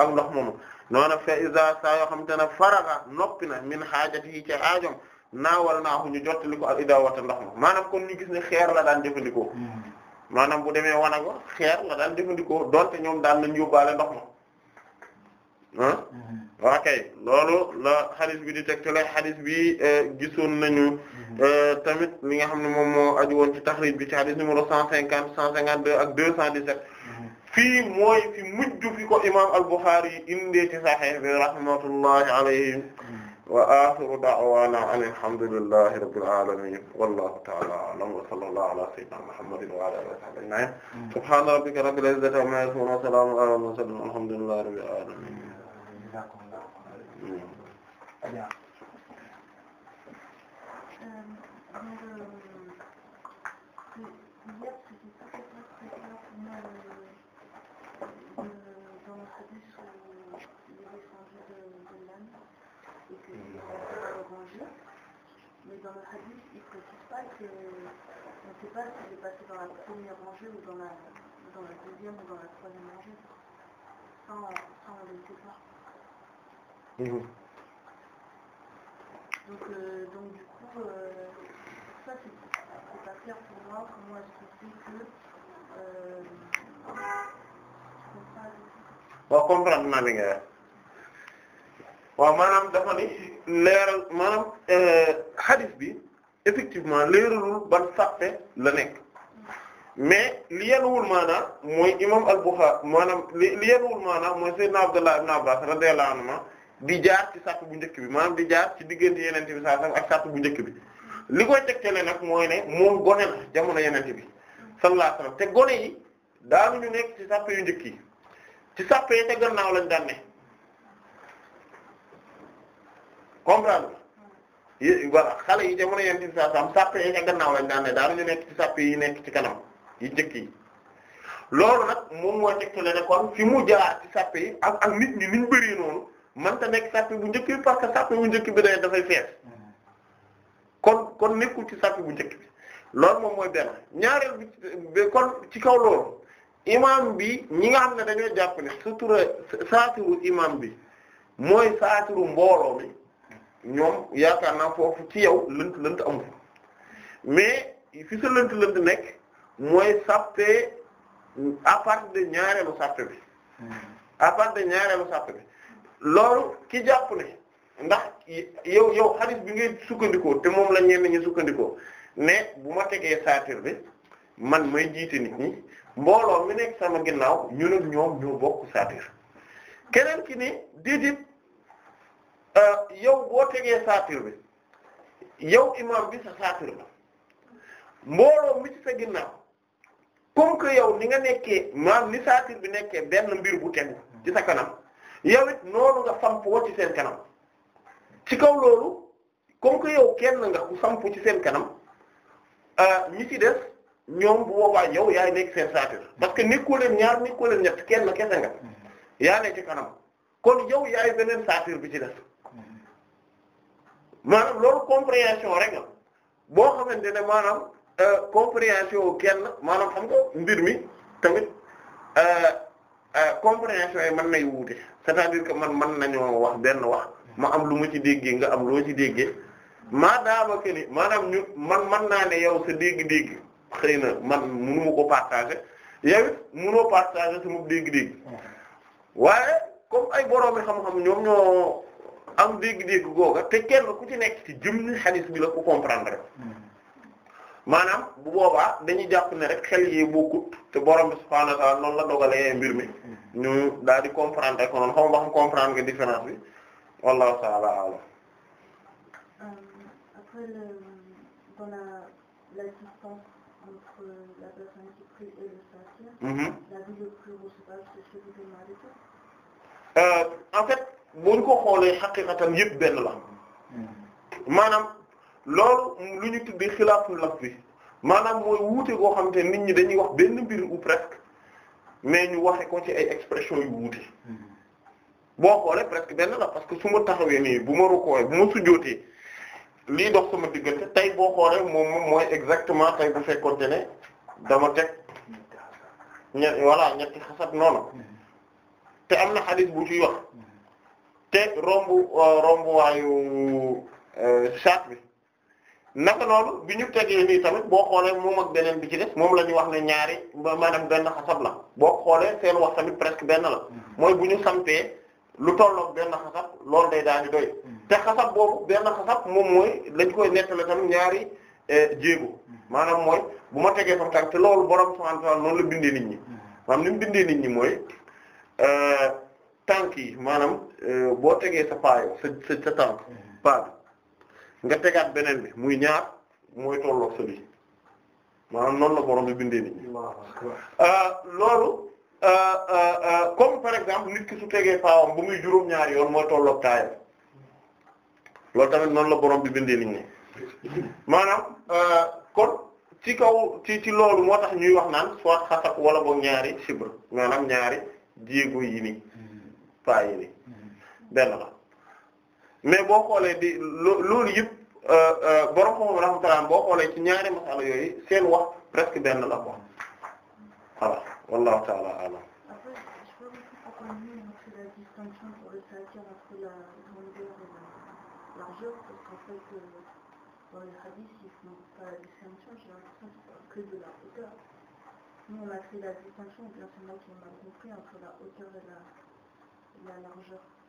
ak ndox moomu noona fa isa saa yoo xam te ne faraga noppi na min xaajati yi ca aajom naawal naahu ñu jottali ko al idaawata ndox ma maanaam kon ñu gis ne xeer la daan jëfandikoo mm-hmm. maanaam bu demee wanag wa xeer la daan jëfandikoo donte ñoom daan nañ yóbbaale ndox ma ah waa kay loolu la xadis bi di tegtale xadis bi eh, gisoon nañu mm-hmm. eh, tamit li nga xam ne moom moo aju woon ci taxrij bi ci xadis numéro cent cinquante cent cinquante deux ak deux cent dix-sept mm-hmm. fii mooy fi mujj fi ko imam al-Bukhari yi indee ci Sahih bi rahmatullahi alayhi mm-hmm. wa akhiru da'wana an alhamdulillahi rabbil alamin wallahu ta'ala a'lam wa sallallahu ala sayyidina muhammadin wa ala alihi wa sahbihi ajma'in subhana rabbika rabbil izzati amma yasifun wa salamun ala al-mursalin walhamdulillahi rabbil alamin jazakumullahu mm. xayran mais dans le hadith, il ne précise pas que on ne sait pas s'il est dans la première rangée ou dans la, dans la deuxième ou dans la troisième rangée, sans, sans le sait pas. Mhm. donc euh, donc euh, euh, maanaam dafa ni leeral maanaam euh, hadith bi effectivement leeralul ban sàppe la nekk mm. mais li yenuwul maanaam mooy imam al-Bukhari maanaam li yenuwul maanaam mooy Seydina Abdullah ibn Abbas radiyallahu anhu di jaar ci sàpp bu njëkk bi maanaam di jaar ci diggante yenente bi sallallahu alayhi ak sàpp bu njëkk bi li koy tegtale nag mooy ne moom gone la jamono yenente bi sallallahu alayhi wasallam te gone yi daanuñu nekk ci sàpp yu njëkk ci sàpp yi gannaaw lañ daan ne comprendre yi jamono yenente bi sallallahu alayhi yi te gannaaw lañ daan ne daanuñu nekk ci sàpp yi nekk ci kanam yi njëkk yi loolu nag moom mooy tegtale ne kon fi mu jaar ci sàpp yi ak ak nit ñi niñ bëree noonu man ta nekk sàppi bu njëkk bi parce que sàppi bu njëkk bi day dafay fees kon kon nekkul ci sàppi bu njëkk bi loolu moom mooy benn ñaareel bi kon ci kaw loolu imam bi ñi nga xam ne dañoo jàpp ne sutura saatiru imam bi mooy saatiru mbooloo mi ñoom yaakaar naa foofu ci yow lënt lënt amul mais fi sa lënt lënt nekk mooy sàppe à partir de ñaareelu sàppe bi hmm. à de ñaareelu sàppe bi loolu ki jàpp ne ndax yow yow hadith bi ngay sukkandikoo te moom la ñenn ñi sukkandikoo ne bu ma tegee saatir bi man may jiite nit ñi mbooloo mi nekk sama ginnaaw ñu ne ñoom ñoo bokk saatir keneen ki ni déedéet euh, yow boo tegee saatir bi yow imam bi sa saatir la mbooloo mi ci sa ginnaaw comme que yow ni nga nekkee maam ni saatir bi nekkee benn mbir bu tegu ci sa kanam yow it noonu nga sampoo ci seen kanam ci kaw loolu comme que yow kenn nga ku sampu ci seen kanam euh, ñi ci des ñoom bu boobaa yow yaay nekk seen saatir parce que nekkoo leen ñaar nekkoo leen ñett kenn kese nga yaa nekk ci kanam kon yow yaay beneen saatir bi ci des maanaam loolu compréhension rek la boo xamante ne maanaam euh, compréhension kenn maanaam xam nga mbir mi tamit. Euh, Euh, compréhension yi mën nay wuute c'est-à-dire que man man mën nañoo wax benn wax ma am lu ma ci déggee nga am loo ci déggee maadaama que ni maanaam ñu man man naa ne yow sa dégg-dégg xëy na man mënu ma ko partager yow it mënoo partager sama dégg-dégg waaye comme ay boroomi xam-xam ñoom ñoo am dégg-dégg googa te kenn ku ci nekk ci jëm ni hadith bi comprendre mm-hmm. maanaam bu boobaa dañuy jàpp ne rek xel yi bokkut te borom bi subhaanahu wa ta'aala noonu la dogalee mbir mi ñu daal di comprendre ko noonu xam nga xam comprendre différence bi wallahu euh, mhm. euh, en fait bu ñu ko xoolee xaqiqatan yëpp benn la mhm. maanaam. loolu lu ñu tuddee xilaaful laf bi maanaam mooy wuute goo xam te nit ñi dañuy wax benn mbir ou presque mais ñu waxe ko ci ay expression yu wuute boo xoolee presque benn la parce que su ma taxawee nii bu ma rukkooyee bu ma sujjootee lii dox sama diggante tey boo xoolee moom moom mooy exactement tey bu fekkoonte ne dama teg ñett voilà ñetti xasat noonu te am na xadis bu ci wax te romb euh, romb waayu chat euh, bi naka noonu bi ñu tegee nii tamit boo xoolee moom ak beneen bi ci des moom la ñu wax ne ñaari maanaam benn xasab la boo xoolee seen wax tamit presque benn la mm-hmm. mooy bu ñu sampee lu tolloog benn xasab loolu day daal di doy mm-hmm. te xasab boobu benn xasab moom mooy lañ koy nettale tamit ñaari eh, jéego mm-hmm. maanaam mooy bu ma tegee sama tànk te loolu borom subhanahu wa noonu la bindee nit ñi maanaam ni mu bindee nit ñi mooy eh, tànk yi maanaam eh, boo tegee sa paayo sa sa sa tànk paa nga tegaat beneen bi muy ñaar mooy tolloog sa bi maanaam noonu la borom bi bindee nit ñi euh, loolu euh, euh, comme par exemple nit ki su tegee paawam bu muy juróom ñaar yoon mooy tolloog taayam loolu tamit noonu la borom bi bindee nit ñi maanaam kon ci kaw ci ci loolu moo tax ñuy wax naan soit xasak wala boog ñaari chibre maanaam ñaari jéego yi nii hmm. paa yi nii hmm. benn la mais boo xoolee di loolu yëpp borom xaw ma rahmatullah boo xoolee ci ñaari masala yooyu seen wax presque benn la quoi voilà wallahu ta'ala a'lam. dans les hadiths, ils font pas la distinction, j'ai l'impression qu'ils parlent que de la hauteur. Nous, on a fait la distinction, bien c'est moi qui ai mal compris, entre la hauteur et la largeur.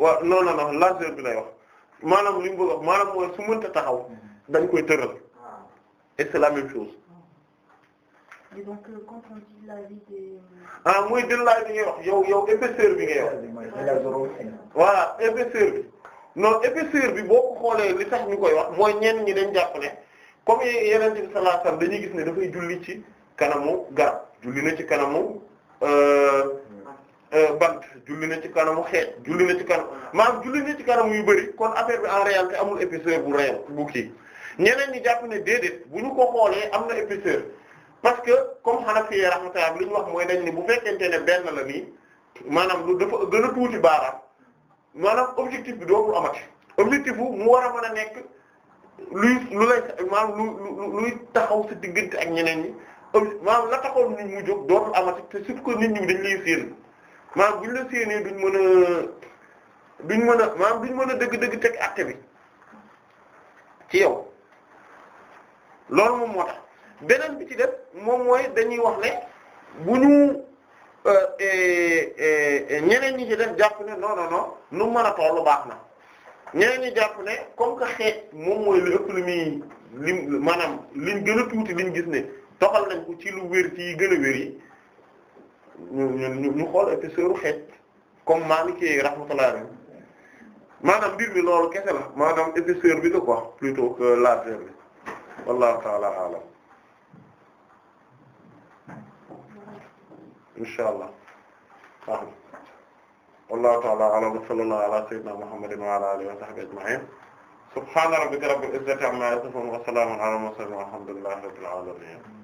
waaw non non non largeur bi lay yo maanaam li mu bëgg wax maanaam mooy su mënta taxaw mm-hmm. dañ koy tëral ah. et c'est la même chose. Ah. donc euh, quand on dit la vie des. Euh, ah muy jëllaay bi ngay wax yow yow épaisseur bi ngay wax. voilà épaisseur bi non épaisseur bi boo ko xoolee li tax ñu koy wax mooy ñenn ñi dañ jàpp ne comme yeneen bi sallallahu alayhi dañuy gis ne dafay julli ci kanamu garab julli na ci kanamu. Euh, Euh, bant julli na ci kanamu xeet julli na ci kanam maanaam julli na ci kanam yu bëri kon affaire bi en réalité amul épaisseur bu réel bu kii ñeneen ñi jàpp ne déedéet bu ñu ko xoolee am na épaisseur parce que comme Hanafi rahmatullah li ñu wax mooy dañ ne bu fekkente ne benn la nii maanaam lu dafa gën a tuuti baaraam maanaam objectif bi dootul amati objectif bu mu war a mën a nekk luy lu lay lu luy taxaw sa diggante ak ñeneen ñi maanaam la taxaw nit ñu jóg dootul amati te surtout que nit ñi dañ lay séen. gi buñ la séenee duñ mën a duñ mën a maanaam duñ mën a dëgg-dëgg teg acte bi ci yow loolu moom moo beneen bi ci def moom mooy dañuy wax ne bu ñu euh, euh, euh, ñeneen ñi ci def jàpp ne non non non nu mën a toll baax na ñeneen ñi jàpp ne comme que xeet moom mooy lu ëpp lu muy lim maanaam liñ gën a tuuti liñ gis ne toxal nañ ko ci lu wér ci yi gën a wér ñu ñu ñu xool épaisseur xeet comme Maliki rahmatullah maanaam mbir mi loolu kese la maanaam épaisseur bi la quoi plutôt que largeur bi wallahu ta'ala a'lam inshallah waaw wallahu ta'ala a'lam wa sallallahu ala sayyidina muhammadin wa ala alihi wa sahbihi ajma'in subhana rabbika rabbil izzati amma yasifun wa salamun ala mursalin walhamdulillahi rabbil alamin